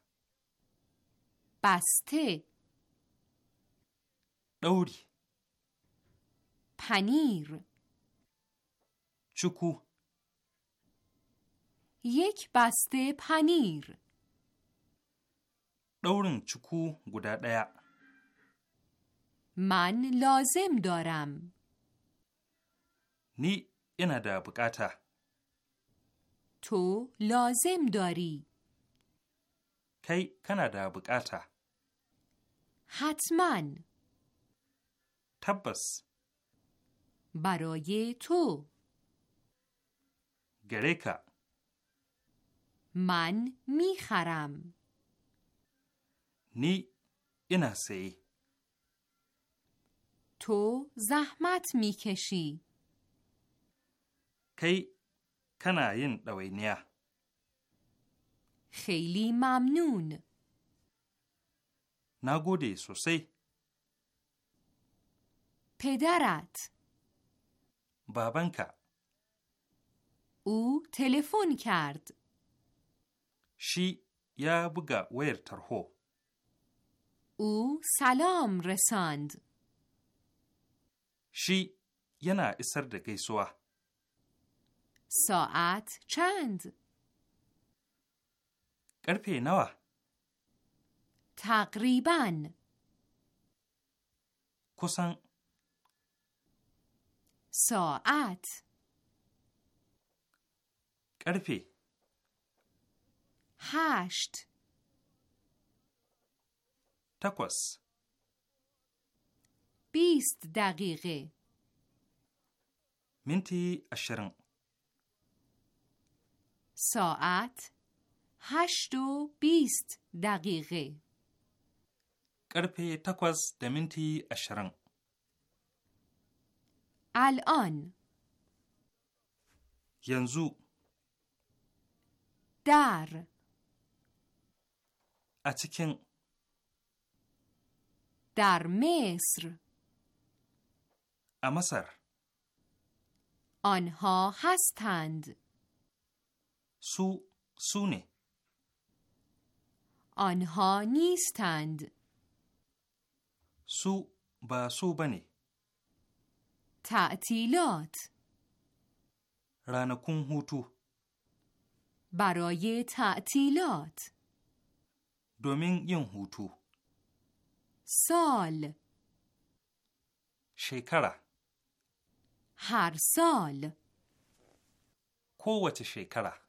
بسته دوری پنیر چکو یک بسته پنیر دورن چکو گودا دیا من لازم دارم نی اینا دا بکاتا تو لازم داری کی کنا دا بکاتا حتماً تبس برای تو گریکا من میخرم نی اینا تو زحمت میکشی کی کناین دوینیا خیلی ممنون نگودی سوسی پدرت بابنکا او تلفن کرد شی یا بگا ویر ترهو او سلام رساند شی ینا اسر ده گیسوا ساعت چند قرپی نوا تقریبا کسان ساعت کرپی هشت تکوس بیست دقیقه منتی اشرن ساعت هشت و بیست دقیقه کرپی تکوس دمنتی اشرن الان ینزو در اتیکن در مصر امسر آنها هستند سو سونه آنها نیستند سو با سو بنی تعطیلات رانکون هوتو برای تعطیلات دومین ین هوتو سال شکره هر سال کووچه شکره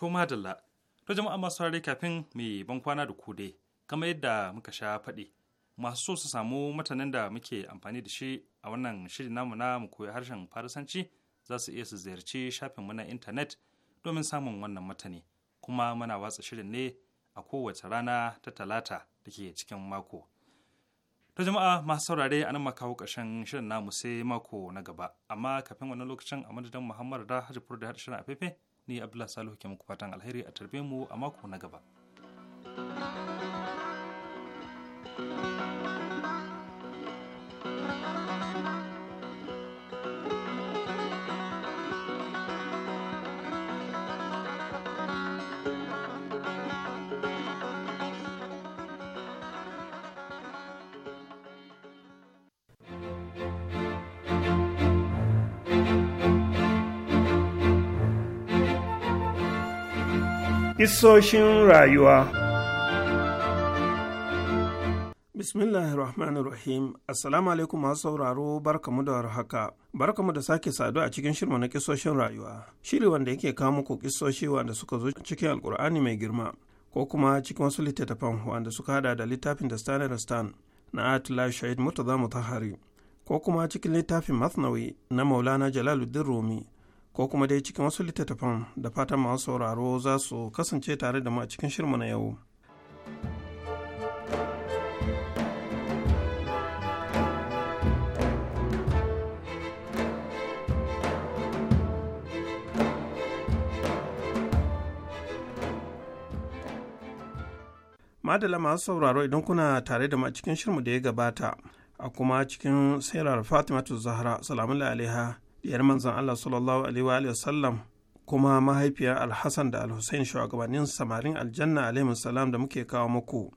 To madalla, to jama'a masu saurare kafin mai ban kwana da kude, kamar yadda muka sha faɗi. Masu so su samu mutanen da muke amfani da shi a wannan shirin namu na mu koyi harshen Farisanci za su iya su ziyarci shafinmu na intanet domin samun wannan matani. Kuma muna watsa shirin ne a kowace rana ta talata da ke cikin mako. To jama'a masu saurare a nan makawo ƙarshen shirin namu sai mako na gaba, amma kafin wannan lokacin a madadin Muhammadu da Hajjifur da shirin a fefe ni abdullah salihu ke muku fatan alheri a tarbe mu a mako na gaba thank you Isoshin rayuwa Rahim, Assalamu alaikum masu sauraro barkamu da warhaka barkamu da sake saduwa a cikin shirma na kisoshin rayuwa shiri wanda yake kawo muku kisoshi wanda suka zo cikin alkur'ani mai girma ko kuma cikin wasu littattafan wanda suka hada da littafin da stan stan na atla shahid murtaza mutahari ko kuma cikin littafin masnawi na maulana jalaluddin rumi ko kuma dai cikin wasu littattafan da fatan masu sauraro za su kasance tare da mu a cikin shirma na yau. Madala masu sauraro idan kuna tare da mu cikin shirmu da ya gabata a kuma cikin sirar Fatimatu Zahra salamun alaiha diyar manzon Allah sallallahu alaihi wa sallam kuma mahaifiyar alhassan da alhussein shugabannin samarin aljanna alaihi salam da muke kawo muku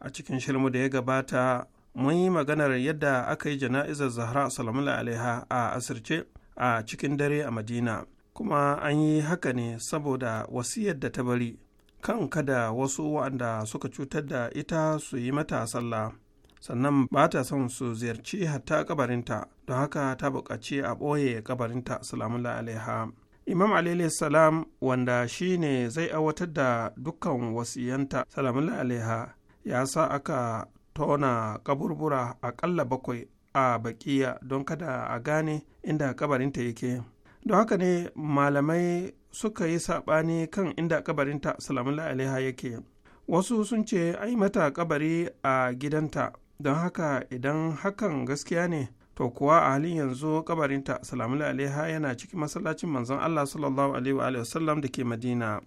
a cikin shirmu da ya gabata mun yi maganar yadda aka yi jana'izar zahra salamu alaiha a asirce a cikin dare a madina kuma an yi haka ne saboda wasiyar da ta bari kan kada wasu waɗanda suka cutar da ita su yi mata sallah sannan ba ta son su ziyarci hatta kabarinta don haka ta buƙaci a ɓoye kabarinta salamullahi alaiha imam alaihi salam wanda ne zai aiwatar da dukkan wasiyanta salamullahi alaiha ya sa aka tona kaburbura aƙalla bakwai a bakiya don kada a gane inda kabarinta yake don haka ne malamai suka yi saɓani kan inda kabarinta salamullahi alaiha yake wasu sun ce ai mata kabari a gidanta don haka idan hakan gaskiya ne to kuwa a halin yanzu kabarinta salamu alaiha yana cikin masallacin manzon Allah sallallahu alaihi wasallam da ke Madina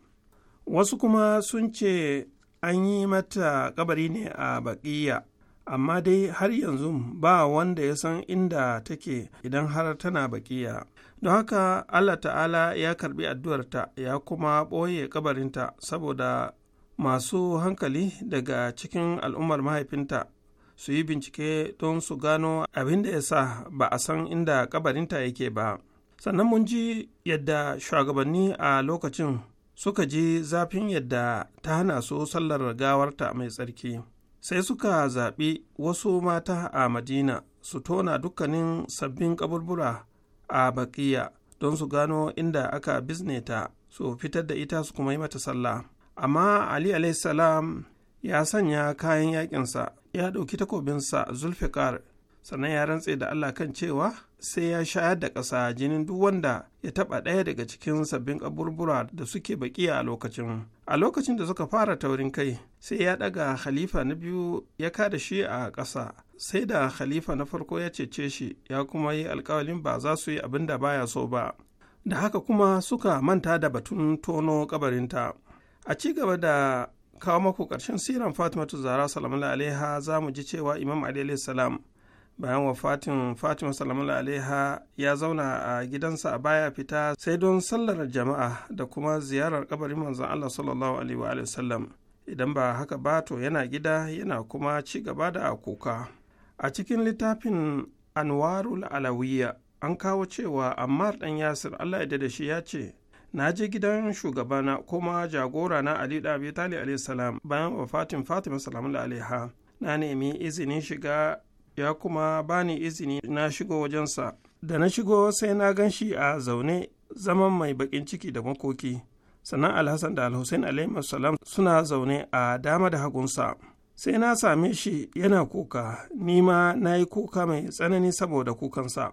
wasu kuma sun ce an yi mata kabari ne a baƙiya amma dai har yanzu ba wanda ya san inda take idan har tana baƙiya don haka Allah ta'ala ya karbi addu'arta ya kuma ɓoye kabarinta saboda masu hankali daga cikin al'ummar mahaifinta su yi bincike don su gano abin da ya sa ba a san inda kabarinta yake ba sannan mun ji yadda shugabanni a lokacin suka ji zafin yadda ta hana su sallar gawarta mai tsarki sai suka zaɓi wasu mata a madina su tona dukkanin sabbin kaburbura a Bakiya. don su gano inda aka bizne ta su fitar da ita su kuma yi mata sallah amma ali salam ya sanya kayan yakinsa ya ɗauki takobinsa zulfikar sannan ya rantse da allah kan cewa sai ya shayar da ƙasa jinin duk wanda ya taɓa ɗaya daga cikin sabbin ƙaburbura da suke baƙiya a lokacin a lokacin da suka fara taurin kai sai ya ɗaga khalifa na biyu ya kada shi a ƙasa sai da khalifa na farko ya cece shi ya kuma yi alkawalin ba za su yi abin da baya so ba da haka kuma suka manta da batun tono kabarinta a ci gaba da kawo maku ƙarshen siran fatimatu zara salamala alaiha za mu ji cewa imam ali salam bayan wafatin fatima salamala alaiha ya zauna a gidansa a baya fita sai don sallar jama'a da kuma ziyarar kabarin manzon allah sallallahu alaihi wa idan ba haka ba to yana gida yana kuma ci gaba da kuka a cikin littafin anwarul alawiya an kawo cewa ammar dan yasir allah ya da shi ya ce na je gidan shugabana kuma jagora na ali da Tali talib bayan bayan fatin fatima salamu alaiha na nemi izinin shiga ya kuma bani izini na shigo wajensa da na shigo sai na gan shi a zaune zaman mai bakin ciki da makoki sannan alhassan da alhussein alaihi salam suna zaune a dama da hagunsa sai na same shi yana kuka ni ma na yi kuka mai tsanani saboda kukansa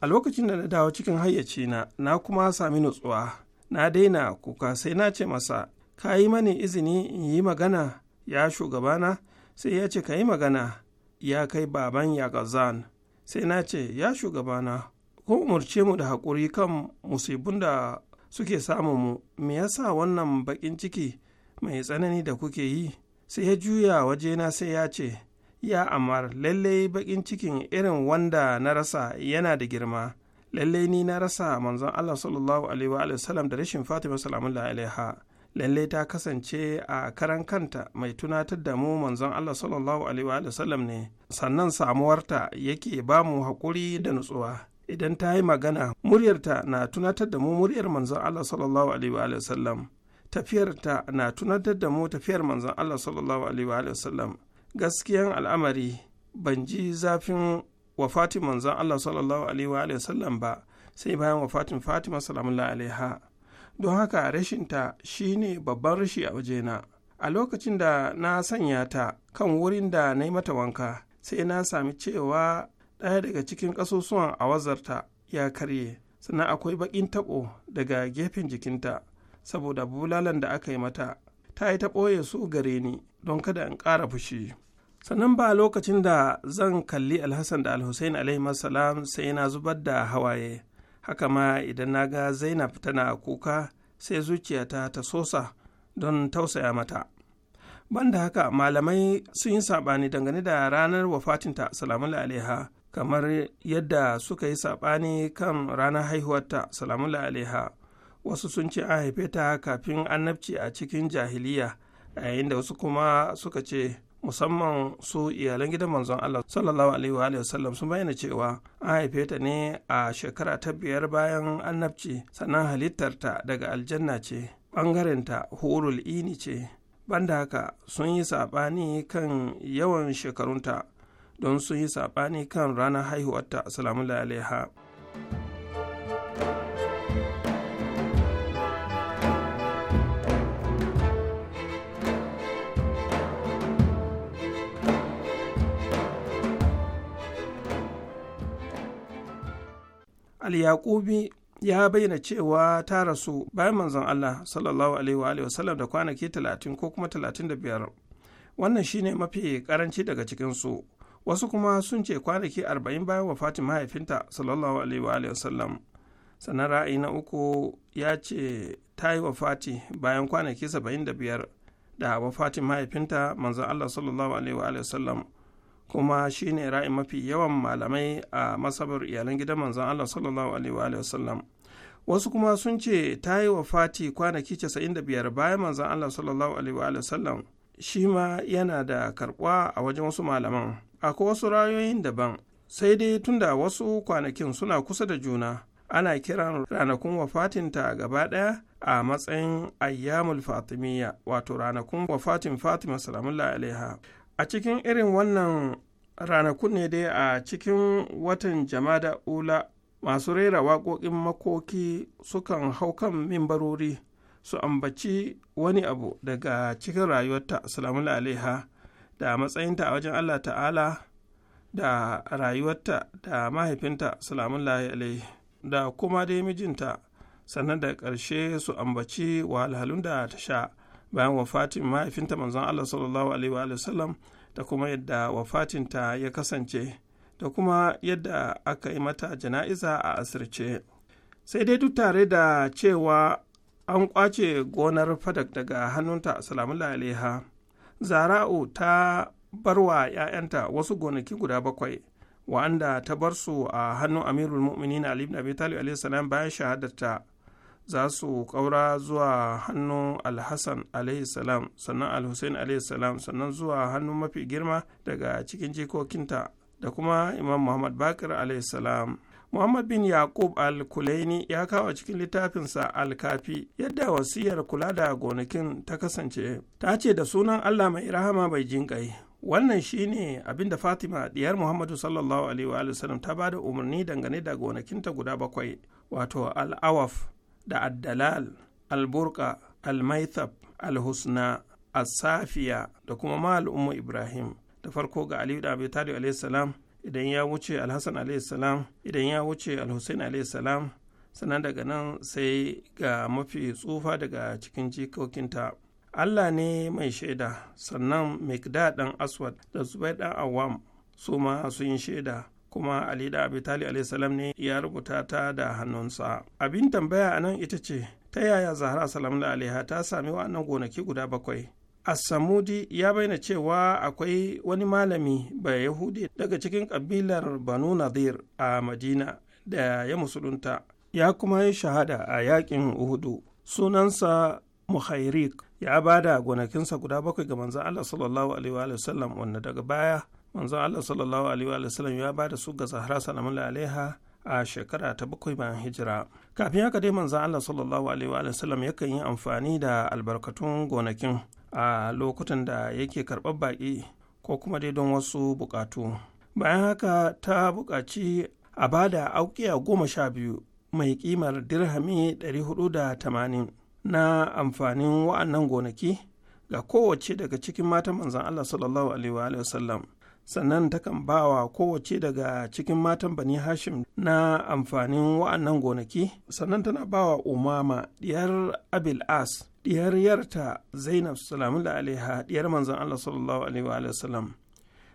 a lokacin da na dawo cikin hayyacina na kuma sami nutsuwa na daina kuka sai na ce masa ka yi mani izini in yi magana ya shugabana sai ya ce ka yi magana ya kai baban ya yagazan sai na ce ya shugabana Ko umarce mu da haƙuri kan musibin da suke mu, me yasa wannan baƙin ciki mai tsanani da kuke yi sai ya juya wajena sai ya ce ya amar lallai baƙin cikin irin wanda na rasa yana da girma lallai ni na rasa manzon Allah sallallahu alaihi wa sallam da rashin Fatima salamullahi alaiha lallai ta kasance a karan kanta mai tunatar da mu manzon Allah sallallahu alaihi wa sallam ne sannan samuwarta yake ba mu haƙuri da nutsuwa idan ta yi magana muryarta na tunatar da mu muryar manzon Allah sallallahu alaihi wa sallam tafiyarta na tunatar da mu tafiyar manzon Allah sallallahu alaihi wa sallam gaskiyan al'amari ban ji zafin wafatin manzon Allah sallallahu alaihi wa sallam ba sai bayan wafatin Fatima salamullahi alaiha don haka rashin rashinta shine babban rashi a wajena a lokacin da na sanya ta kan wurin da na yi mata wanka sai na sami cewa ɗaya daga cikin ƙasusuwan awazarta ya karye sannan akwai baƙin taɓo daga gefen jikinta saboda bulalan da aka yi mata ta yi ta ɓoye su gare ni don kada in ƙara fushi sannan ba lokacin da zan kalli alhassan da alhussein alaihi sai na zubar da hawaye haka ma idan na ga zainab tana kuka sai zuciyata ta sosa don tausaya mata banda haka malamai sun yi saɓani dangane da ranar wafatinta salamun alaiha kamar yadda suka yi saɓani kan ranar haihuwarta salamun alaiha wasu sun ce an haife ta kafin annabci a cikin jahiliya yayin da wasu kuma suka ce musamman su iyalan gidan manzon Allah sallallahu alaihi wa sallam sun bayyana cewa an haife ta ne a shekara ta biyar bayan annabci sannan halittarta daga aljanna ce ɓangarenta hurul ini ce banda haka sun yi saɓani kan yawan shekarunta don sun yi saɓani kan ranar haihuwarta salamu alaiha. al-yaqubi ya bayyana cewa ta rasu bayan manzon Allah sallallahu alaihi wa sallam da kwanaki 30 ko kuma 35 wannan shine mafi karanci daga cikin su wasu kuma sun ce kwanaki 40 bayan wafatin mahaifinta sallallahu alaihi wa sallam sannan ra'ayi na uku ya ce ta yi wafati bayan kwanaki 75 da wafatin mahaifinta manzon Allah sallallahu alaihi wa sallam kuma shi ne ra'ayi mafi yawan malamai a masabar iyalan gidan manzon Allah sallallahu alaihi wa sallam wasu kuma sun ce ta yi wa fati kwanaki 95 bayan manzon Allah sallallahu alaihi wa sallam shi ma yana da karɓuwa a wajen wasu malaman akwai wasu rayoyin daban sai dai tunda wasu kwanakin suna kusa da juna ana kiran ranakun wafatinta gaba ɗaya a matsayin ayyamul fatimiyya wato ranakun wafatin fatima salamullahi alaiha a cikin irin wannan ranakun ne dai a cikin watan jama'a ula masu rera waƙoƙin makoki sukan hau kan mimbarori su ambaci wani abu daga cikin rayuwarta salamun alaiha da matsayinta a wajen allah ta'ala da rayuwarta da mahaifinta salamun alaihi da kuma dai mijinta sannan da ƙarshe su ambaci wahalhalun da ta sha bayan wafatin mahaifinta manzon Allah sallallahu alaihi wa sallam da kuma yadda wafatinta ya kasance da kuma yadda aka yi mata jana'iza a asirce sai dai duk tare da cewa an kwace gonar fadak daga hannunta salamu alaiha zara'u ta barwa 'ya'yanta wasu gonaki guda bakwai wa'anda ta bar su a hannun amirul mu'minin ali ibn abi talib alaihi salam bayan shahadarta za su ƙaura zuwa hannun alhassan salam sannan alhussein salam sannan zuwa hannun mafi girma daga cikin jikokinta da kuma imam muhammad bakir salam muhammad bin yaqub al-kulaini ya kawo cikin littafinsa al-kafi yadda wasiyar kula da gonakin ta kasance ta ce da sunan allah mai rahama bai jinƙai wannan shine abinda fatima diyar muhammadu sallallahu alaihi wa sallam ta bada umarni dangane da gonakinta guda bakwai wato al-awaf da addalal alburka almaithab alhusna asafiya da kuma ma'al'ummu ibrahim da farko ga aliyu da abu alaihissalam idan ya wuce alhassan alaihissalam idan ya wuce alhussein alaihissalam sannan daga nan sai ga mafi tsufa daga cikin jikokinta allah ne mai shaida sannan mikda ɗan aswad da zubai dan awam su ma sun shaida kuma ali da abi talib salam ne ya rubuta ta da hannunsa abin tambaya a nan ita ce ta yaya zahra Salam da alaiha ta sami wa'annan gonaki guda bakwai As-Samudi ya bayyana cewa akwai wani malami ba Yahudi daga cikin kabilar Banu Nadir a Madina da ya musulunta, ya kuma yi shahada a yakin Uhudu. Sunansa Muhairik ya bada gonakinsa guda bakwai ga manzan Allah sallallahu Alaihi wanda daga baya manzo Allah sallallahu alaihi wa sallam ya ba da su ga Zahra salamun alaiha a shekara ta bakwai bayan hijira kafin haka dai manzo Allah sallallahu alaihi wa sallam yakan yi amfani da albarkatun gonakin a lokutan da yake karɓar baƙi ko kuma dai don wasu buƙatu bayan haka ta buƙaci a bada aukiya goma sha biyu mai kimar dirhami ɗari da tamanin na amfanin wa'annan gonaki ga kowace daga cikin matan manzan Allah sallallahu alaihi sallam sannan takan ba wa kowace daga cikin matan bani hashim na amfanin wa'annan gonaki sannan tana ba wa umama diyar abil as diyar yarta zainab salamun da alaiha diyar manzon allah sallallahu alaihi wa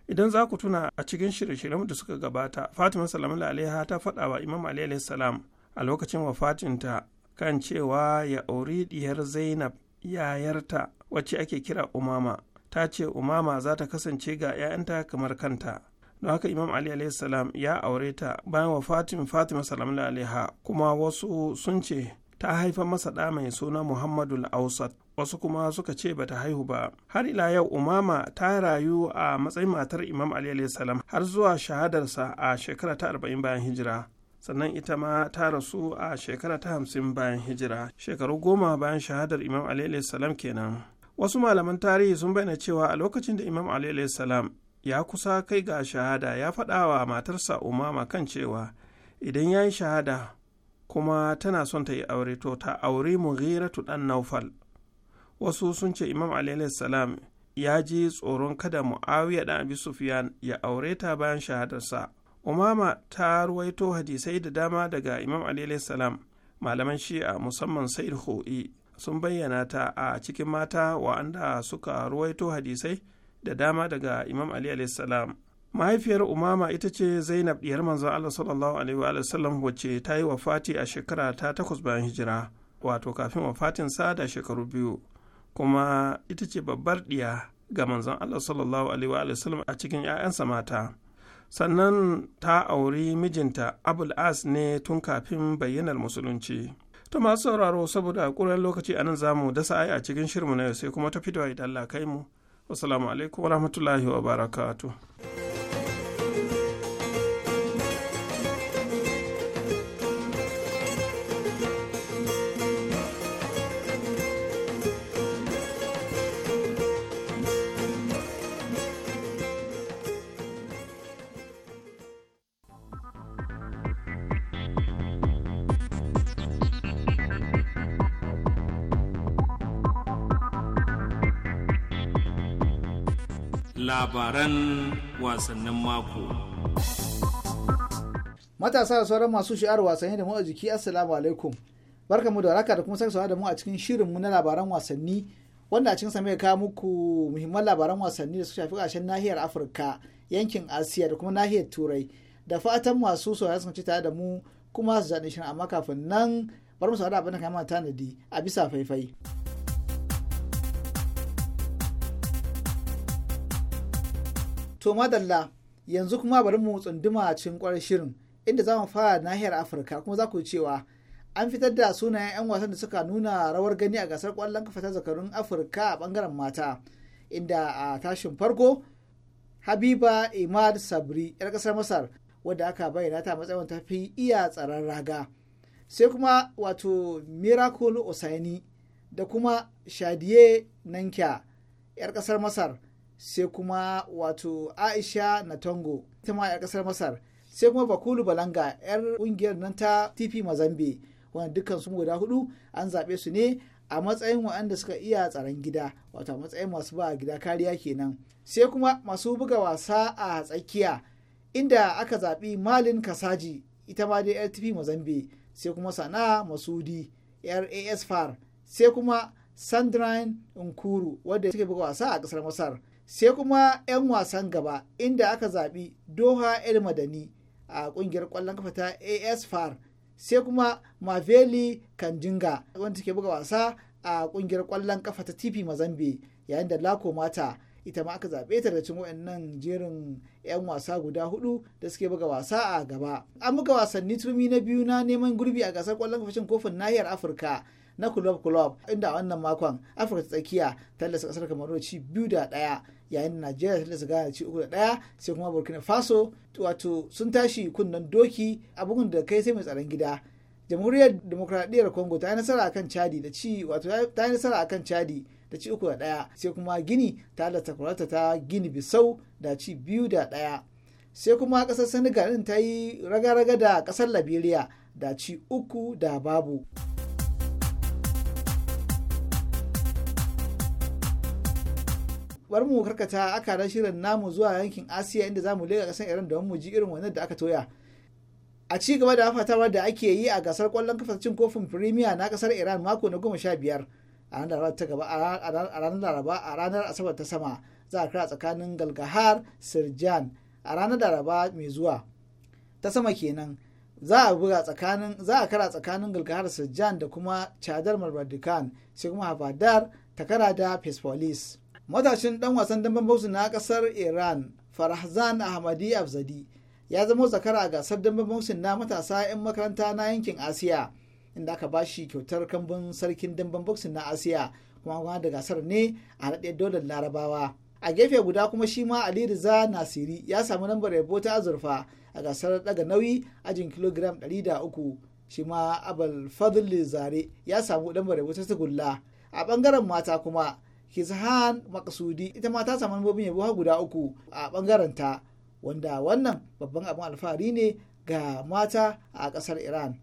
idan za ku tuna a cikin shirye-shiryen da suka gabata fatima salamun da alaiha ta faɗa wa imam ali salam a lokacin wafatinta kan cewa ya auri diyar zainab yayarta wacce ake kira umama ta ce umama za ta kasance ga 'ya'yanta kamar kanta don haka imam ali salam ya aure ta bayan wa fatim fatima salamu alaiha kuma wasu sun ce ta haifa masa ɗa mai suna muhammadu ausat wasu kuma suka ce bata haihu ba har ila yau umama ta rayu a matsayin matar imam ali salam har zuwa shahadarsa a shekara ta arba'in bayan hijira sannan ita ma ta rasu a shekara ta hamsin bayan hijira shekaru goma bayan shahadar imam ali salam kenan wasu malaman tarihi sun bayyana cewa a lokacin da imam ali salam ya kusa kai ga shahada ya faɗa wa matarsa umama kan cewa idan ya yi shahada kuma tana son ta yi aure to ta aure mughiratu ɗan naufal wasu sun ce imam ali salam ya ji tsoron kada muawiya dan abi sufyan ya aure ta bayan shahadarsa umama ta ruwaito hadisai da dama daga imam ali salam malaman shi'a musamman Sayyid ho'i sun bayyana ta a cikin mata wa'anda suka ruwaito hadisai da dama daga imam ali salam mahaifiyar umama ita ce zainab diyar manzon allah sallallahu alaihi wa sallam wacce ta yi wafati a shekara ta takwas bayan hijira wato kafin wafatin sa da shekaru biyu kuma ita ce babbar diya ga manzon allah sallallahu alaihi wa sallam a cikin 'ya'yansa mata sannan ta auri mijinta abul as ne tun kafin bayyanar musulunci ta masu sauraro saboda ƙuran lokaci anan za mu dasa ai a cikin shirmu na yau sai kuma ta fitowa idan Allah kai mu. Wasu alaikum wa rahmatullahi wa barakatuh. labaran wasannin mako. Matasa da sauran masu shi'ar wasanni da a jiki Assalamu alaikum. barka mu da waraka da kuma sake da mu a cikin shirinmu na labaran wasanni wanda a cikin sa mai kawo muku muhimman labaran wasanni da su shafi ƙarshen nahiyar Afirka, yankin Asiya da kuma nahiyar Turai. Da fatan masu saurari sun ci tare da mu kuma su zaɗe shirin amma kafin nan bar mu saurari abin da kama tanadi a bisa faifai. To madalla yanzu kuma bari mu tsunduma a cikin kwarar shirin inda za mu fara nahiyar Afirka kuma za ku cewa an fitar da sunayen 'yan wasan da suka nuna rawar gani a gasar kwallon kafa ta zakarun Afirka a bangaren mata inda a tashin farko Habiba Imad Sabri 'yar kasar Masar wadda aka bayyana ta matsayin ta fi iya tsaron raga sai kuma wato Miracle Osaini da kuma Shadiye nankya 'yar kasar Masar sai kuma wato aisha tongo ita ma a kasar masar sai kuma bakulu balanga 'yar kungiyar nan ta tp mazambi wanda dukkan sun guda hudu an zaɓe su ne a matsayin waɗanda suka iya tsaron gida wato a matsayin masu ba gida kariya kenan sai kuma masu buga wasa a tsakiya inda aka zaɓi malin kasaji ita ma dai rtp mozambi sai kuma sana masudi ras far sai kuma sandrine nkuru wadda suke buga wasa a ƙasar masar sai kuma 'yan wasan gaba inda aka zaɓi doha el madani a ƙungiyar ƙwallon kafa ta as far sai kuma maveli kanjinga wanda take buga wasa a ƙungiyar ƙwallon kafa ta TV mazambe yayin da lako mata ita ma aka zaɓe ta da cikin waɗannan jerin 'yan wasa guda hudu da suke buga wasa a gaba an buga wasanni turmi na biyu na neman gurbi a gasar ƙwallon kafashin kofin nahiyar afirka na club club inda a wannan makon afirka ta tsakiya ta lasa kasar kamaru ci biyu da daya yayin da najeriya ta lasa gana ci uku da daya sai kuma burkina faso wato sun tashi kunnen doki abubuwan da kai sai mai tsaron gida jamhuriyar demokradiyyar congo ta yi nasara akan chadi da ci wato ta yi nasara akan chadi da ci uku da daya sai kuma gini ta lasa kwarata ta gini bisau da ci biyu da daya sai kuma kasar senegal ta yi raga-raga da kasar liberia da ci uku da babu. bari mu karkata akalar shirin namu zuwa yankin asiya inda za mu lega kasan iran domin mu ji irin wannan da aka toya a ci gaba da fatarwar da ake yi a gasar kwallon kafa cin kofin firimiya na kasar iran mako na goma sha biyar a ranar ta a ranar laraba a ranar asabar ta sama za a kira tsakanin galgahar sirjan a ranar laraba mai zuwa ta sama kenan za a buga tsakanin za a kara tsakanin galgahar sirjan da kuma chadar marbardikan sai kuma habadar takara da fesfolis matashin dan wasan damben boxing na kasar iran Farhazan ahmadi afzadi ya zama zakara a gasar damben boxing na matasa 'yan makaranta na yankin asiya inda aka ba shi kyautar kambun sarkin damben boxing na asiya kuma gwana da gasar ne a naɗe dolar larabawa a gefe guda kuma shi ma ali riza nasiri ya samu lambar yabo ta azurfa a gasar daga nauyi ajin kilogiram ɗari shi ma abal fadli zare ya samu lambar yabo ta tagulla a bangaren mata kuma Hizhan Makasudi ita ma ta samu lambobin yabo har guda uku a bangaren ta wanda wannan babban abin alfahari ne ga mata a kasar Iran.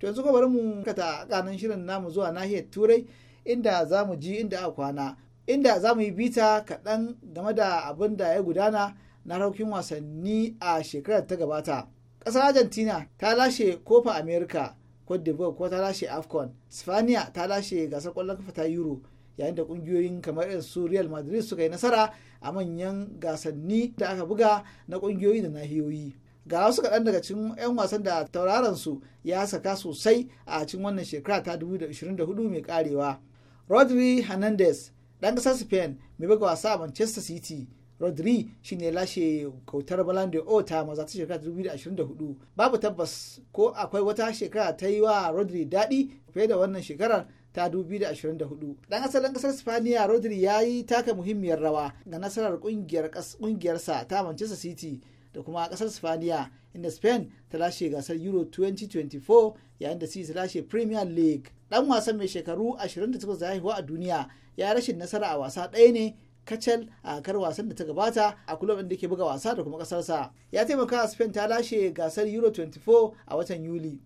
To yanzu bari mu kata kanan shirin namu zuwa nahiyar Turai inda za mu ji inda a kwana inda za mu yi bita kaɗan game da abin da ya gudana na raukin wasanni a shekarar ta gabata. ƙasar argentina ta lashe kofa america cote d'ivoire ko ta lashe afcon spania ta lashe gasar ƙwallon kafa ta euro yayin da ƙungiyoyin kamar irin su real madrid suka yi nasara a manyan gasanni da aka buga na ƙungiyoyi da nahiyoyi ga wasu kaɗan daga cikin 'yan wasan da tauraron su ya saka sosai a cikin wannan shekara ta 2024 mai karewa rodri hernandez ɗan ƙasar spain mai buga wasa a manchester city rodri shine ne lashe kautar ballon d'or ta maza ta shekara 2024 babu tabbas ko akwai wata shekara ta yi wa rodri daɗi fiye da wannan shekarar ta 2024 dan asalin ƙasar spaniya rodri ya yi taka muhimmiyar rawa ga nasarar ƙungiyarsa ta manchester city da kuma ƙasar spaniya inda spain ta lashe gasar euro 2024 yayin da city ta lashe premier league Ɗan wasan mai shekaru 28 da haihuwa a duniya ya rashin nasara a wasa ɗaya ne kacal a kakar wasan da ta gabata a kulob inda ke buga wasa da kuma kasarsa ya taimaka a spain ta lashe gasar euro 24 a watan yuli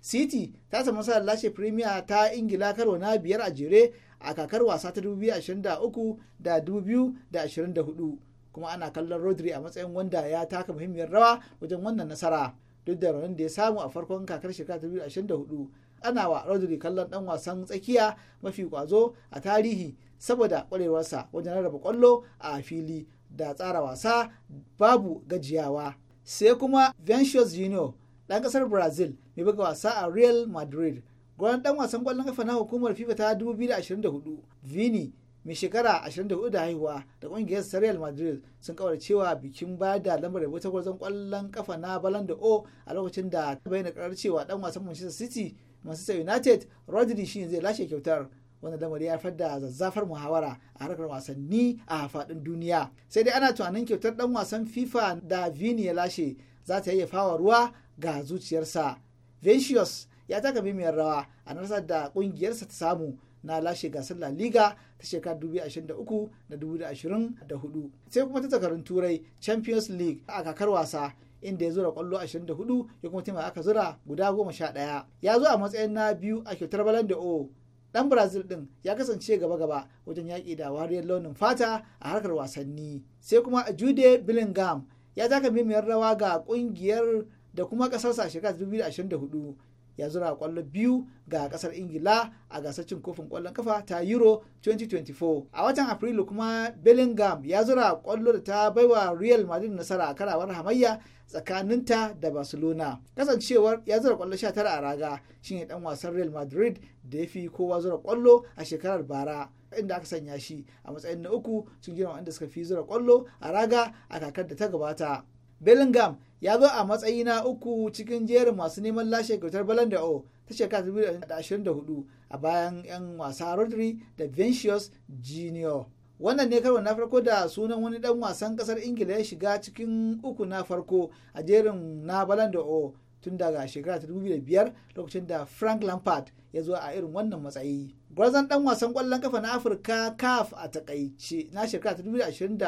city ta samu nasarar lashe premier ta ingila karo na biyar a jere a kakar wasa ta 2023 da 2024 kuma ana kallon rodri a matsayin wanda ya taka muhimmiyar rawa wajen wannan nasara duk da raunin da ya samu a farkon kakar shekara 2024 ana wa rodri kallon dan wasan tsakiya mafi kwazo a tarihi saboda kwarewarsa wajen rarraba kwallo a fili da tsara wasa babu gajiyawa sai kuma Vinicius Junior ɗan ƙasar Brazil mai buga wasa a Real Madrid gwanin ɗan wasan ƙwallon kafa na hukumar FIFA ta 2024 Vini mai shekara 24 da haihuwa da ƙungiyar sa Real Madrid sun kawar cewa bikin bayar da lambar yabo ta gwarzon ƙwallon kafa na Ballon O a lokacin da ta bayyana karar cewa dan wasan Manchester City Manchester United Rodri shine zai lashe kyautar wanda lamari ya fadda zazzafar muhawara a harkar wasanni a faɗin duniya sai dai ana tunanin kyautar dan wasan fifa da vini ya lashe za ta fawa ruwa ga zuciyarsa vincius ya taka mimiyar rawa a nasar da ƙungiyarsa ta samu na lashe gasar La Liga ta shekarar 2023 da 2024 sai kuma ta zakarun turai Champions League a kakar wasa inda ya zura kwallo 24 ya kuma taimaka aka zura guda 11 ya zo a matsayin na biyu a kyautar da O. dan brazil din ya kasance gaba-gaba wajen yaƙi da wariyar launin fata a harkar wasanni sai kuma a jude billingham ya taka muhimmiyar rawa ga ƙungiyar da kuma ƙasarsa a shekarar 2024 ya zura kwallo biyu ga kasar ingila a gasar cin kofin kwallon kafa ta euro 2024 a watan afrilu kuma bellingham ya zura kwallo da ta baiwa real madrid nasara a karawar hamayya tsakaninta da barcelona kasancewar ya zura kwallo 19 a raga shine dan wasan real madrid da ya fi kowa zura kwallo a shekarar bara inda aka sanya shi a matsayin na uku sun gina wanda suka fi zura kwallo a raga a kakar da ta gabata bellingham ya zo a matsayi na uku cikin jerin masu neman lashe kyautar da o ta shekara 2024 a bayan 'yan wasa Rodri da vincius Junior. Wannan ne karo na farko da sunan wani dan wasan kasar Ingila ya shiga cikin uku na farko a jerin na da o tun daga shekara ta 2005 lokacin da Frank Lampard ya zo a irin wannan matsayi. Gwarzon dan wasan kwallon kafa na Afirka CAF a takaice na shekara ta 2024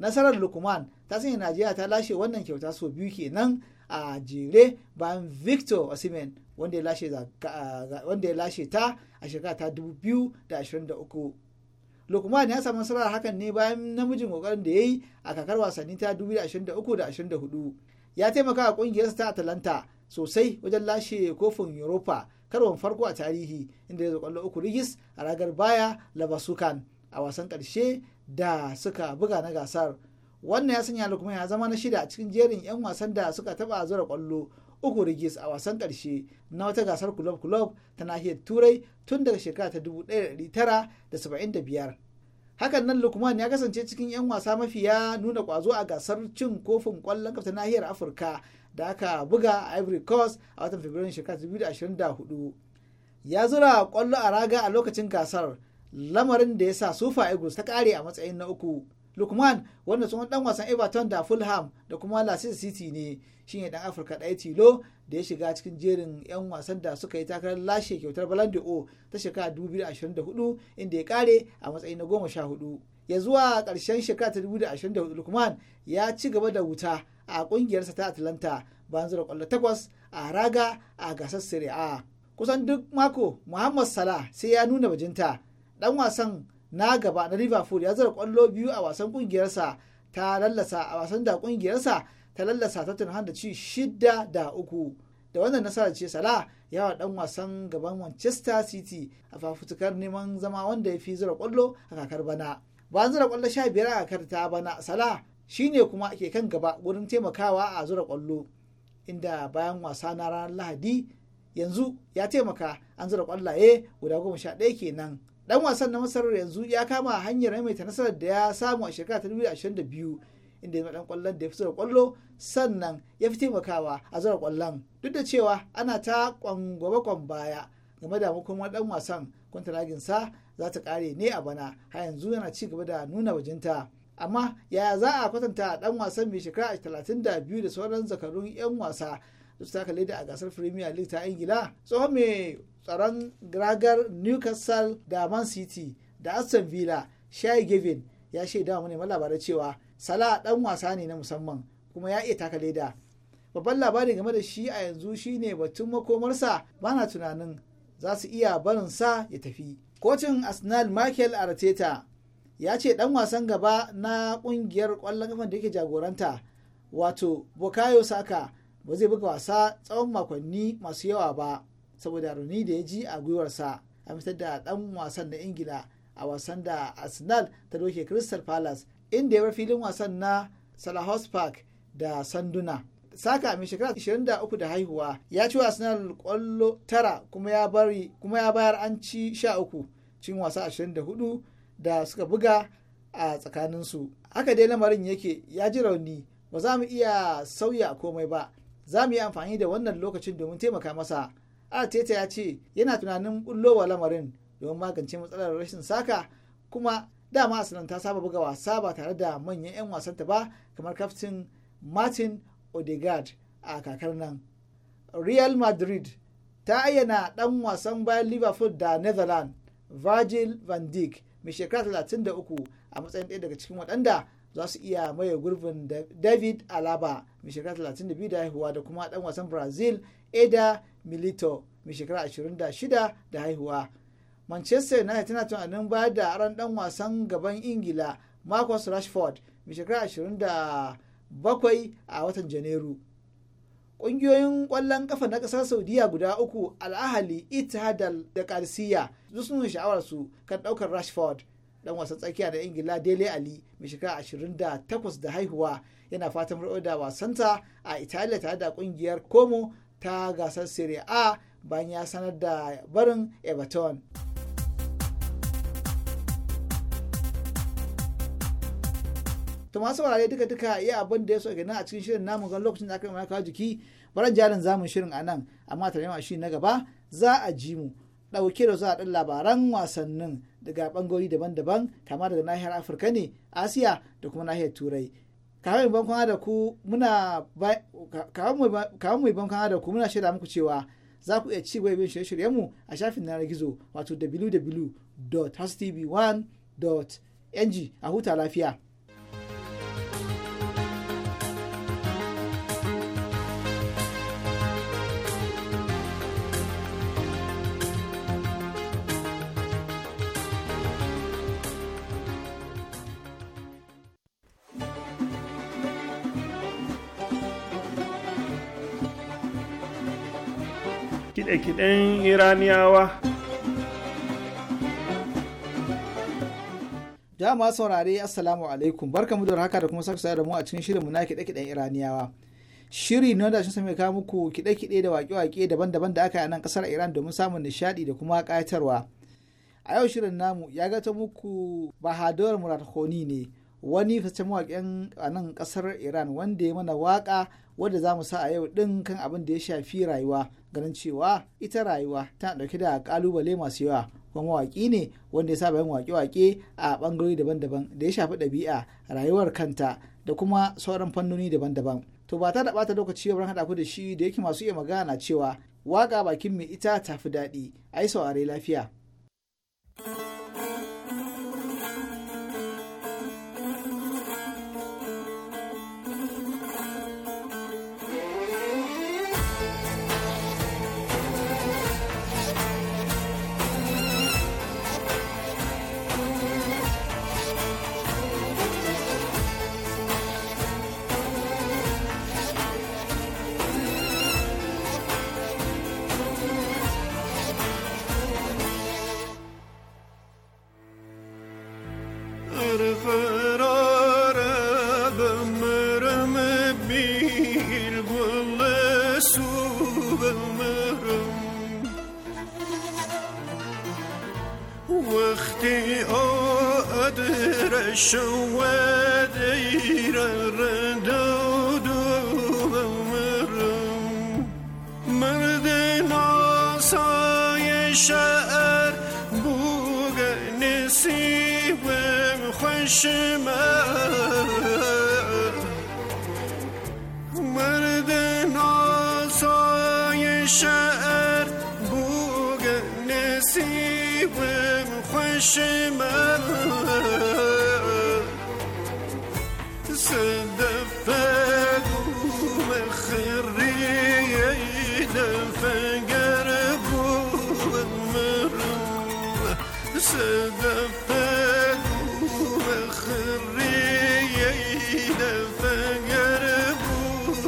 nasarar Lukman ta sanya Najeriya ta lashe wannan kyauta sau biyu kenan a jere bayan Victor Osimhen wanda ya lashe ta a shekara ta 2023. Lukman ya samu nasarar hakan ne bayan namijin kokarin da ya yi a kakar wasanni ta 2023 da 24 ya taimaka a ƙungiyarsa ta atalanta sosai wajen lashe kofin europa karon farko a tarihi inda ya zo kwallo uku rigis a ragar baya labasukan a wasan karshe da suka buga na gasar wannan ya sanya kuma ya zama na shida a cikin jerin 'yan wasan da suka taba zura kwallo uku rigis a wasan karshe na wata gasar kulob kulob ta nahiyar turai tun daga shekara ta 1975 hakan nan lukman ya kasance cikin 'yan wasa mafiya nuna kwazo a gasar cin kofin kwallon kafa nahiyar afirka da aka buga a ivory coast a watan fabrairun shekara 2024 ya zura kwallo a raga a lokacin gasar lamarin da ya sa sufa eagles ta kare a matsayin na uku lukman wanda sun dan wasan everton da fulham da kuma leicester city ne shine dan afirka ɗaya tilo da ya shiga cikin jerin 'yan wasan da suka yi takarar lashe kyautar balande o ta shekara 2024 inda ya kare a matsayi na goma sha hudu. Ya zuwa karshen shekara ta 2024 Lukman ya ci gaba da wuta a kungiyarsa ta Atlanta bayan zura kwallo takwas a raga a gasar Serie A. Kusan duk mako Muhammad Salah sai ya nuna bajinta. Ɗan wasan na gaba na Liverpool ya zura kwallo biyu a wasan kungiyarsa ta lallasa a wasan da kungiyarsa. ta lallasa ta Tottenham da ci shida da uku. Da wannan nasara ce Salah yawa wa dan wasan gaban Manchester City a fafutukar neman zama wanda ya fi zura kwallo a kakar bana. Bayan zura kwallo sha biyar a kakar ta bana Salah shine kuma ke kan gaba wurin taimakawa a zura kwallo. Inda bayan wasa na ranar Lahadi yanzu ya taimaka an zura kwallaye guda goma sha ɗaya kenan. dan wasan na masarar yanzu ya kama hanyar ta nasarar da ya samu a shekara ta 2022 inda ya dan kwallon da ya fito da kwallo sannan ya fi taimakawa a zara kwallon duk da cewa ana ta kwangwaba kwan baya game da hukumar dan wasan kwantaragin sa za ta kare ne a bana har yanzu yana ci gaba da nuna bajinta amma yaya za a kwatanta dan wasan mai shekara talatin da biyu da sauran zakarun 'yan wasa da su taka leda a gasar premier league ta ingila tsohon mai tsaron ragar newcastle da man city da aston villa shai gavin ya shaida mu ne labarai cewa sala dan wasa ne na musamman kuma ya iya taka leda. Babban labari game da shi a yanzu shine batun makomarsa ba na tunanin za su iya barin sa ya tafi. Kocin Arsenal Michael Arteta ya ce dan wasan gaba na kungiyar kwallon kafan da yake jagoranta wato Bukayo Saka ba zai buga wasa tsawon makonni masu yawa ba saboda rauni da ya ji a gwiwarsa a fitar da dan wasan na Ingila a wasan da Arsenal ta doke Crystal Palace inda ya bar filin wasan na salahos park da sanduna saka mai shekara 23 da haihuwa ya ci arsenal kwallo tara kuma ya bari kuma ya bayar an ci 13 cin wasa 24 da suka buga a tsakaninsu haka dai lamarin yake ya ji rauni ba za mu iya sauya komai ba za mu yi amfani da wannan lokacin domin taimaka masa arteta ya ce yana tunanin bullowa lamarin domin magance matsalar rashin saka kuma dama arsenal ta saba buga wasa ba tare da manyan 'yan wasanta ba kamar kaftin martin odegaard a kakar nan real madrid ta ayyana dan wasan bayan liverpool da netherlands virgil van dijk mai shekara 33 a matsayin ɗaya daga cikin waɗanda za su iya maye gurbin david alaba mai shekara 32 da haihuwa da kuma dan wasan brazil eda milito mai shekara 26 da haihuwa manchester united tana tunanin ba da aron dan wasan gaban ingila marcus rashford mai shekara 27 a watan janairu ƙungiyoyin ƙwallon ƙafa na ƙasar saudiya guda uku al'ahali itihad da karsiya duk sun sha'awar su kan ɗaukar rashford dan wasan tsakiya da ingila dele ali mai shekara 28 da haihuwa yana fatan farko da wasanta a italiya tare da ƙungiyar como ta gasar serie a bayan ya sanar da barin everton to masu saurare duka duka iya abin da ya so gina a cikin shirin namu gan lokacin da aka yi kawo jiki baran jarin zamun shirin a nan amma tare ma shi na gaba za a ji mu ɗauke da za a ɗan labaran wasannin daga bangori daban-daban kama daga nahiyar afirka ne asiya da kuma nahiyar turai kawai mai da muna kawai ban kwana muna shaida muku cewa za ku iya ci gaba bin shirye mu a shafin yanar gizo wato wwwhastv 1ng a huta lafiya. kiɗe-kiɗen iraniyawa dama saurare assalamu alaikum barkamu da haka da kuma sake da mu a cikin shirin na kiɗe-kiɗen iraniyawa shiri na da shi sami kawo muku kiɗe-kiɗe da waƙe-waƙe daban-daban da aka yi a nan ƙasar iran domin samun nishaɗi da kuma ƙayatarwa a yau shirin namu ya gata muku bahadur murad ne wani fitaccen mawaƙin a nan ƙasar iran wanda ya mana waƙa wadda za mu sa a yau ɗin kan abin da ya shafi rayuwa ganin cewa ita rayuwa tana ɗauke da ƙalubale masu yawa kuma mawaƙi ne wanda ya saba yin waƙe-waƙe a ɓangarori daban-daban da ya shafi ɗabi'a rayuwar kanta da kuma sauran fannoni daban-daban to ba ta da ɓata lokaci wurin haɗa ku da shi da yake masu iya magana cewa waƙa bakin mai ita tafi daɗi ai saurare lafiya.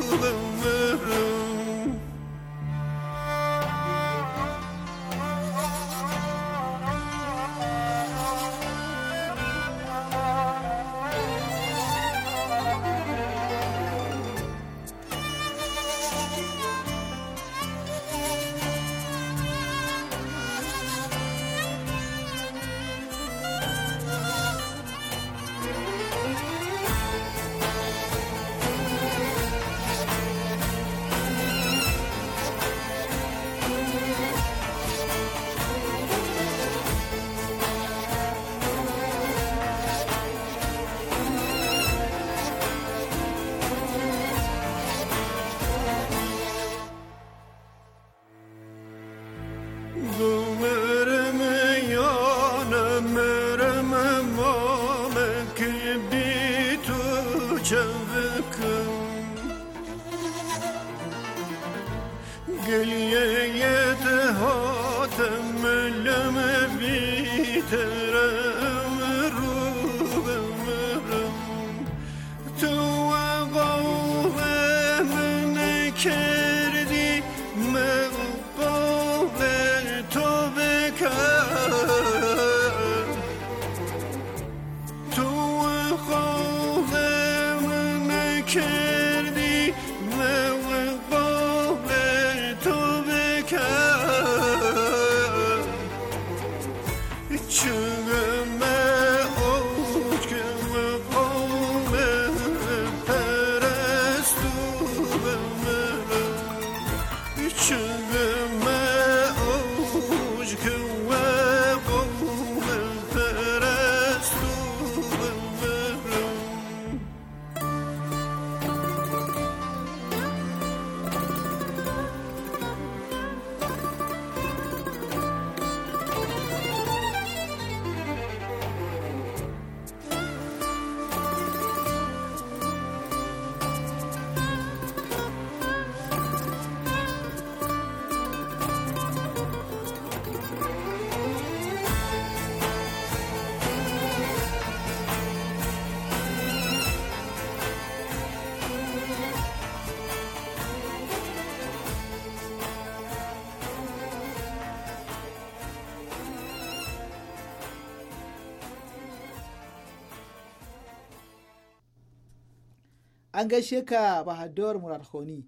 blue moon. an gaishe ka bahadur murarkhoni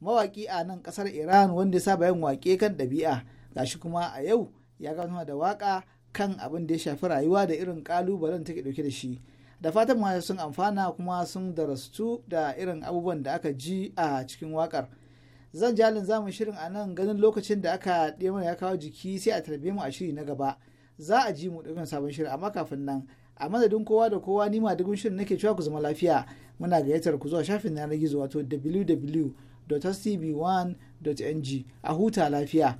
mawaki a nan kasar iran wanda ya saba yin wake kan ɗabi'a gashi kuma a yau ya gano da waka kan abin da ya shafi rayuwa da irin kalubalen take dauke da shi da fatan ma sun amfana kuma sun darastu da irin abubuwan da aka ji a cikin wakar zan jalin zamu shirin a nan ganin lokacin da aka mana ya kawo jiki sai a tarbe mu a shiri na gaba za a ji mu ɗaukan sabon shirin amma kafin nan a madadin kowa da kowa ni madugun shirin nake cewa ku zama lafiya muna gayyatar ku zuwa shafin yanar gizo wato www.tv1.ng a huta lafiya.